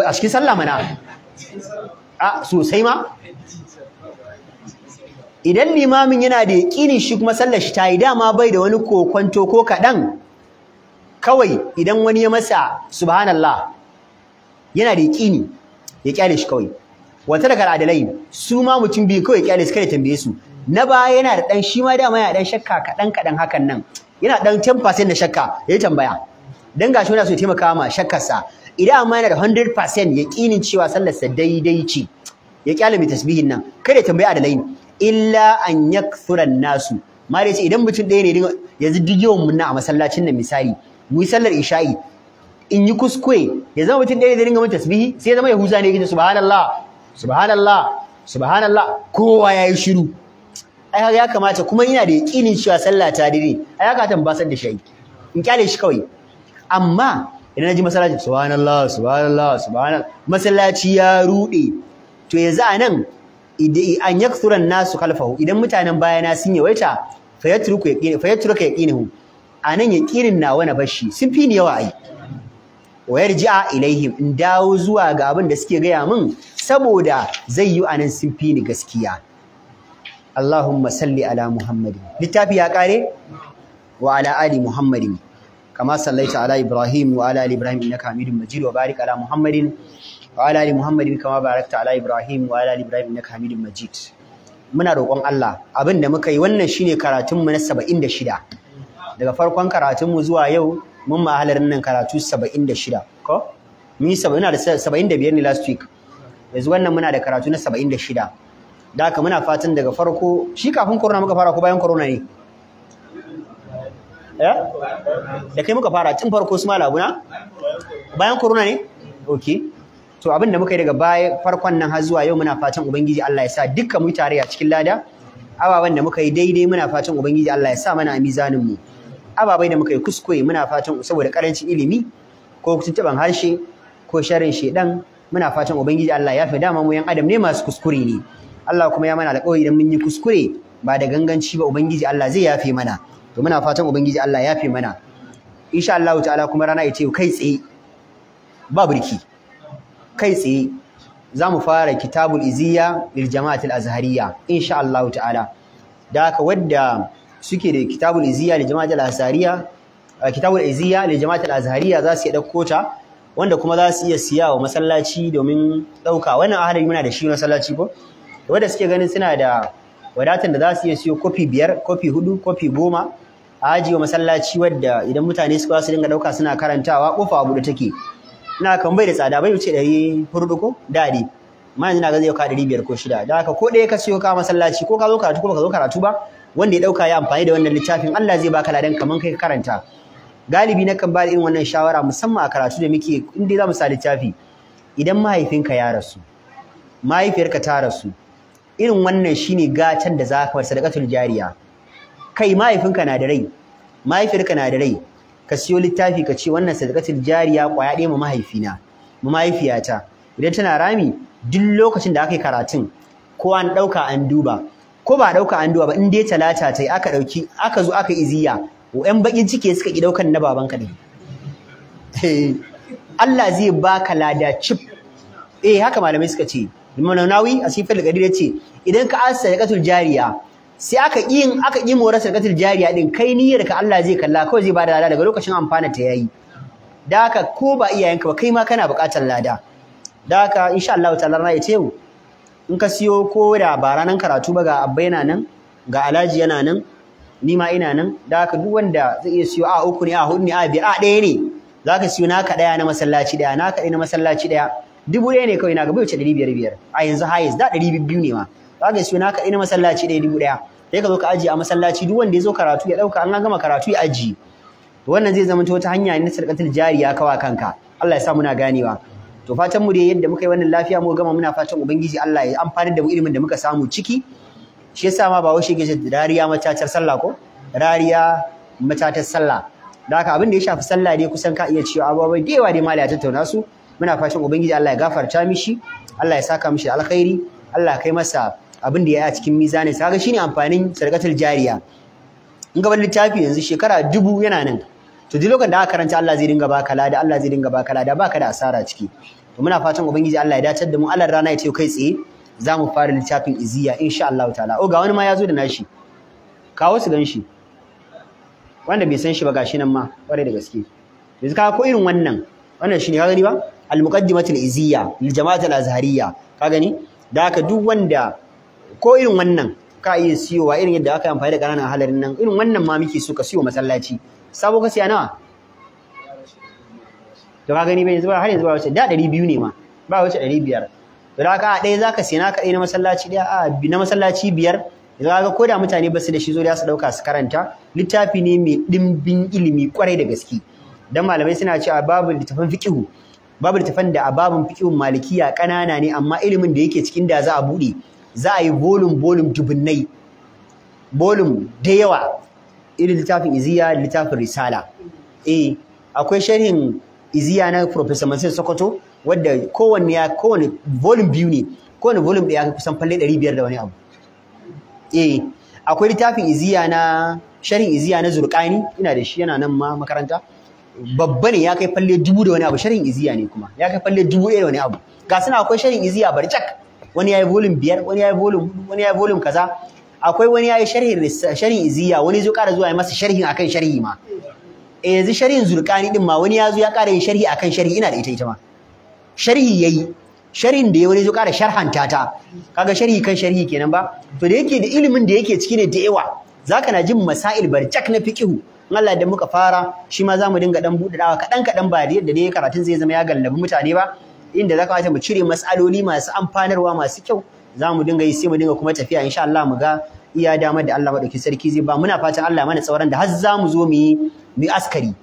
a cikin sallah mana a sosai ma idan limamin yana da yaqini shi kuma sallar shi tayi dama bai da wani kokonto ko kadan kawai idan wani ya masa subhanallah yana da yaqini ya kyale shi kawai wata daga adalai su ma mutum biyu kawai kyale su kada tambaye su na baya yana da dan shi ma dama yana dan shakka kadan kadan hakan nan yana dan 10% na shakka yayi tambaya dan gashi yana so ya taimaka ma shakkarsa idan amma yana da 100% yaqinin cewa sallar sa daidai ce ya kyalami mai tasbihin nan kada ya tambaya adalain illa an yakthura nasu mare ce idan mutum daya ne yanzu duk yawan mun a masallacin nan misali mu yi sallar isha'i in yi kuskure ya zama mutum daya ne dinga mun tasbihi sai ya zama yahuza ne yake subhanallah subhanallah subhanallah kowa yayi shiru ai ya kamata kuma ina da yakinin cewa sallah ta dire ai ya kamata ba san da shi in kyale shi kawai amma idan naji masallaci subhanallah subhanallah subhanallah masallaci ya rude to yanzu anan an yakthuran nasu khalfahu idan mutanen bayana sun yawaita fayatruku yaqini fayatruka yaqinihu anan yaqinin nawa na bashi sun fi ni yawa ai wa yarji'a ilaihim in dawo zuwa ga abin da suke gaya min saboda zai yi anan sun fi ni gaskiya Allahumma salli ala Muhammadin littafi ya kare wa ala ali Muhammadin kama sallaita ala Ibrahim wa ala ali Ibrahim innaka Hamidum Majid wa barik ala Muhammadin wa ala ali Muhammadin kama barakta ala Ibrahim wa ala ali Ibrahim innaka Hamidum Majid muna roƙon Allah Abinda muka yi wannan shine karatun mu na 76 daga farkon karatun mu zuwa yau mun mahalar nan karatu 76 ko mun yi 70 da 75 ne last week yanzu wannan muna da karatu na 76 da haka muna fatan daga farko shi kafin corona muka fara ko bayan corona ne eh? da kai muka fara tun farko su malabuna bayan corona ne okay to abin da muka yi daga baya farkon nan har zuwa yau muna fatan ubangiji Allah ya sa dukkan mu tare a cikin lada ababen da muka yi daidai muna fatan ubangiji Allah ya sa mana a mizanin mu ababai da muka yi kuskure muna fatan saboda karancin ilimi ko tuntuban harshe ko sharin shedan muna fatan ubangiji Allah ya fi dama mu yan adam ne masu kuskure ne Allah kuma ya mana alƙawari idan mun yi kuskure ba da ganganci ba ubangiji Allah zai yafe mana to muna fatan ubangiji Allah ya yafe mana insha Allah ta'ala kuma rana ita kai tsaye ba burki kai tsaye za mu fara kitabul iziya lil jama'atil azhariya insha Allah ta'ala da haka wadda suke da kitabul iziya lil jama'atil azhariya kitabul iziya lil jama'atil azhariya za su iya dauko ta wanda kuma za su iya siya wa masallaci domin dauka wannan ahadin muna da shi masallaci ko wanda suke ganin suna da wadatar da za su iya siyo kofi biyar kofi hudu kofi goma a ajiye masallaci wadda idan mutane suka su dinga dauka suna karantawa kofa a take ina kan bai da tsada bai wuce ɗari hudu ko dadi amma yanzu na ga zai ka ɗari biyar ko shida da haka ko ɗaya ka siyo ka masallaci ko ka zo karatu ko ka zo karatu ba wanda ya dauka ya amfani da wannan littafin Allah zai baka ladan kaman kai karanta galibi na kan bada irin wannan shawara musamman a karatu da muke inda za mu sa littafi idan mahaifinka ya rasu mahaifiyarka ta rasu irin wannan shine gatan da zaka bar sadaqatul jariya kai mahaifinka na da rai mahaifinka na da rai ka siyo littafi ka ce wannan sadaqatul jariya kwaya ɗaya ma mahaifina ma mahaifiyata idan tana rami duk lokacin da aka yi karatun ko an ɗauka an duba ko ba ɗauka an duba ba in dai talata ta yi aka ɗauki aka zo aka iziya yan bakin ciki suka ki ɗaukan na babanka ne eh, Allah zai baka lada cif eh haka malamai suka ce Manawi a sifar al ya ce, idan ka asa sadaqatul jariya sai aka yin aka yi mora sadaqatul jariya din kai niyyar ka Allah zai kalla kawai zai bada lada daga lokacin amfana ta yayi da haka ko ba iyayenka ba kai ma kana buƙatar lada da haka insha Allah ta'ala rana yau in ka siyo ko da ba karatu ba ga abba yana nan ga alaji yana nan ni ma ina nan da haka duk wanda zai iya siyo a uku ne a hudu ne a biyar a ɗaya ne zaka siyo naka ɗaya na masallaci ɗaya naka ɗaya na masallaci ɗaya dubu ɗaya ne kawai na gaba wuce ɗari biyar biyar a yanzu hayes da ɗari biyu ne ma za ka siyo naka ina masallaci ɗaya dubu ɗaya sai ka zo ka ajiye a masallaci duk wanda ya zo karatu ya ɗauka an gama karatu ya ajiye to wannan zai zama wata hanya ne na sarƙatar jariya kawa kanka Allah ya sa muna ganewa to fatan mu dai yadda muka yi wannan lafiya mu gama muna fatan ubangiji Allah ya amfana da mu ilimin da muka samu ciki shi yasa ma ba washe gaje rariya matatar sallah ko rariya matatar sallah da haka abin da ya shafi sallah ne kusan ka iya cewa abubuwa da yawa dai mala ya tattauna su muna fashin ubangiji Allah ya gafarta mishi Allah ya saka mishi alkhairi Allah ya kai masa abin da ya yi a cikin mizanin sa kaga shine amfanin sarkatul jariya in gaban littafi yanzu shekara dubu yana nan to duk lokacin da aka karanta Allah zai dinga baka lada Allah zai dinga baka lada baka da asara ciki to muna fatan ubangiji Allah ya dacar da mu Allah rana ya ce kai tsaye za mu fara littafin iziya insha Allah ta'ala o oh, ga wani ma ya zo da nashi kawo su ganshi wanda bai san shi ba gashi nan ma kware da gaske yanzu ka ko irin wannan wannan shine ka gani ba al al iziyya lil al azhariyya ka gani da haka duk wanda ko irin wannan ka iya siyowa irin yadda aka amfani da ƙananan halarin nan irin wannan ma muke so ka siyo masallaci sabo ka siya nawa to ka gani bai zuwa har yanzu ba wace da 200 ne ma ba wace 500 to da haka ɗaya zaka siya naka ɗaya na masallaci ɗaya a na masallaci biyar yanzu ga koda mutane ba su da shi zo da su dauka su karanta littafi ne mai dimbin ilimi kwarai da gaske dan malamai suna cewa babu littafin fiqhu babu littafan da a babun fiqhun malikiya ƙanana ne amma ilimin da yake cikin da za a buɗe za a yi bolum bolum dubunnai bolum da yawa irin littafin iziya littafin risala eh akwai sharhin iziya na professor Mansur Sokoto wanda kowanne ya kowanne volume biyu ne kowanne volume ɗaya kusan falle ɗari biyar da wani abu eh akwai littafin iziya na sharhin iziya na Zurqani ina da shi yana nan ma makaranta babba ne ya kai falle dubu da wani abu sharhin iziya ne kuma ya kai falle dubu ɗaya da wani abu ga suna akwai sharhin iziya bari cak wani yi volum biyar wani yayi volume wani yi volum kaza akwai wani ya yi sharhin iziya wani zo ƙara zuwa ya masa sharhin akan sharhi ma eh yanzu sharhin zulkani din ma wani ya zo ya ƙara yin sharhi akan sharhi ina da ita ita ma sharhi yayi sharhin da ya wani zo ƙara sharhanta ta kaga sharhi kan sharhi kenan ba to da yake da ilimin da yake ciki ne da yawa zaka na jin masail barcak na fiqihu in Allah da muka fara shi ma zamu dinga dan buɗaɗawa kaɗan kaɗan ba da yadda ne karatun zai zama ya gallabi mutane ba inda za wata mu cire matsaloli masu amfanarwa masu kyau za mu dinga yi sai mu dinga kuma tafiya insha Allah mu ga iya damar da Allah madauki sarki zai ba muna fatan Allah mana tsauran da har za mu zo mu yi mu askari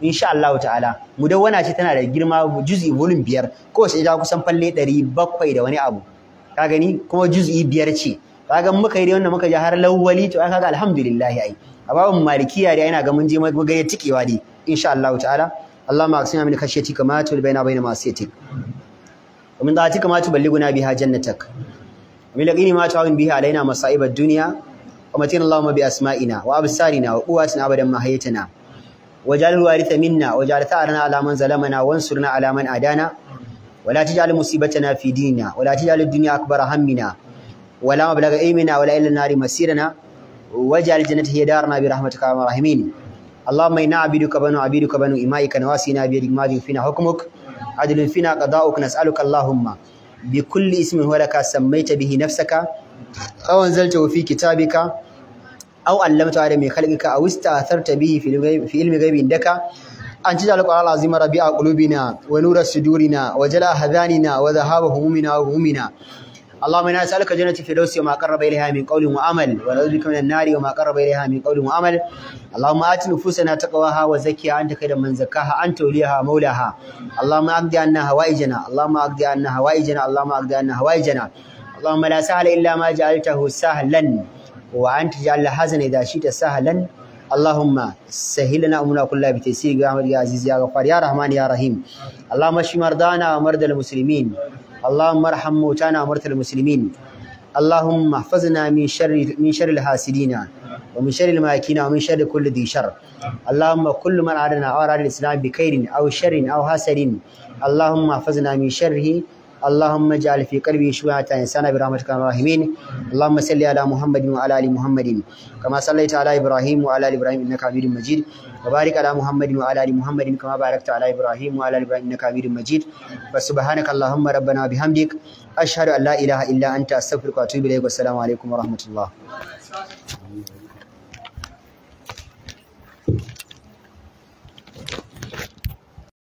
insha Allah ta'ala mudawwana ce tana da girma juz'i volume biyar kowace ta kusan falle ɗari bakwai da wani abu ka gani kuma juz'i biyar ce kaga muka yi da wannan muka ji har lawwali to kaga alhamdulillah ai a babin malikiya da yana ga mun je magayar tikewa ne insha Allah ta'ala Allah ma aksina min kashiyati kama tul baina baina masiyatik wa min da'atika ma na biha jannatak wa min laqini ma ta'awin biha alaina masa'ib dunya wa matina Allahumma bi asma'ina wa absarina wa quwwatina abadan ma hayatana waj'al waritha minna waj'al tha'rana ala man zalamana wansurna ala man adana ولا تجعل مصيبتنا في ديننا ولا تجعل الدنيا أكبر همنا ولا مبلغ علمنا ولا إلى النار مسيرنا واجعل الجنة هي دارنا برحمتك يا راحمين اللهم إنا عبيدك بنو عبيدك بنو إمائك نواسينا بيدك ماضي فينا حكمك عدل فينا قضاؤك نسألك اللهم بكل اسم هو لك سميت به نفسك أو أنزلته في كتابك أو علمت على من خلقك أو استأثرت به في, في علم غيب عندك أن تجعل القرآن العظيم ربيع قلوبنا ونور صدورنا وجلاء أحزاننا وذهاب همومنا وهمومنا اللهم انا نسالك جنه الفردوس وما قرب اليها من قول وعمل ونعوذ بك من النار وما قرب اليها من قول وعمل اللهم ات نفوسنا تقواها وزكها انت خير من زكاها انت وليها مولاها اللهم اقضي عنا هوائجنا اللهم اقضي عنا هوائجنا اللهم اقضي عنا هوائجنا اللهم لا سهل الا ما جعلته سهلا وانت جعل الحزن اذا شئت سهلا اللهم سهل لنا امورنا كلها بتيسير يا عزيز يا غفار يا رحمن يا رحيم اللهم اشف مرضانا ومرضى المسلمين اللهم ارحم موتانا وموتى المسلمين اللهم احفظنا من شر من شر الحاسدين ومن شر الماكين ومن شر كل ذي شر اللهم كل من أرادنا أو أراد الإسلام بخير أو شر أو حسد اللهم احفظنا من شره اللهم اجعل في قلبي شبهة إنسانا برحمتك الراحمين اللهم صل على محمد وعلى آل محمد كما صليت على إبراهيم وعلى آل إبراهيم إنك حميد مجيد وبارك على محمد وعلى آل محمد كما باركت على إبراهيم وعلى آل إبراهيم إنك حميد مجيد فسبحانك اللهم ربنا وبحمدك أشهد أن لا إله إلا أنت أستغفرك وأتوب إليك والسلام عليكم ورحمة الله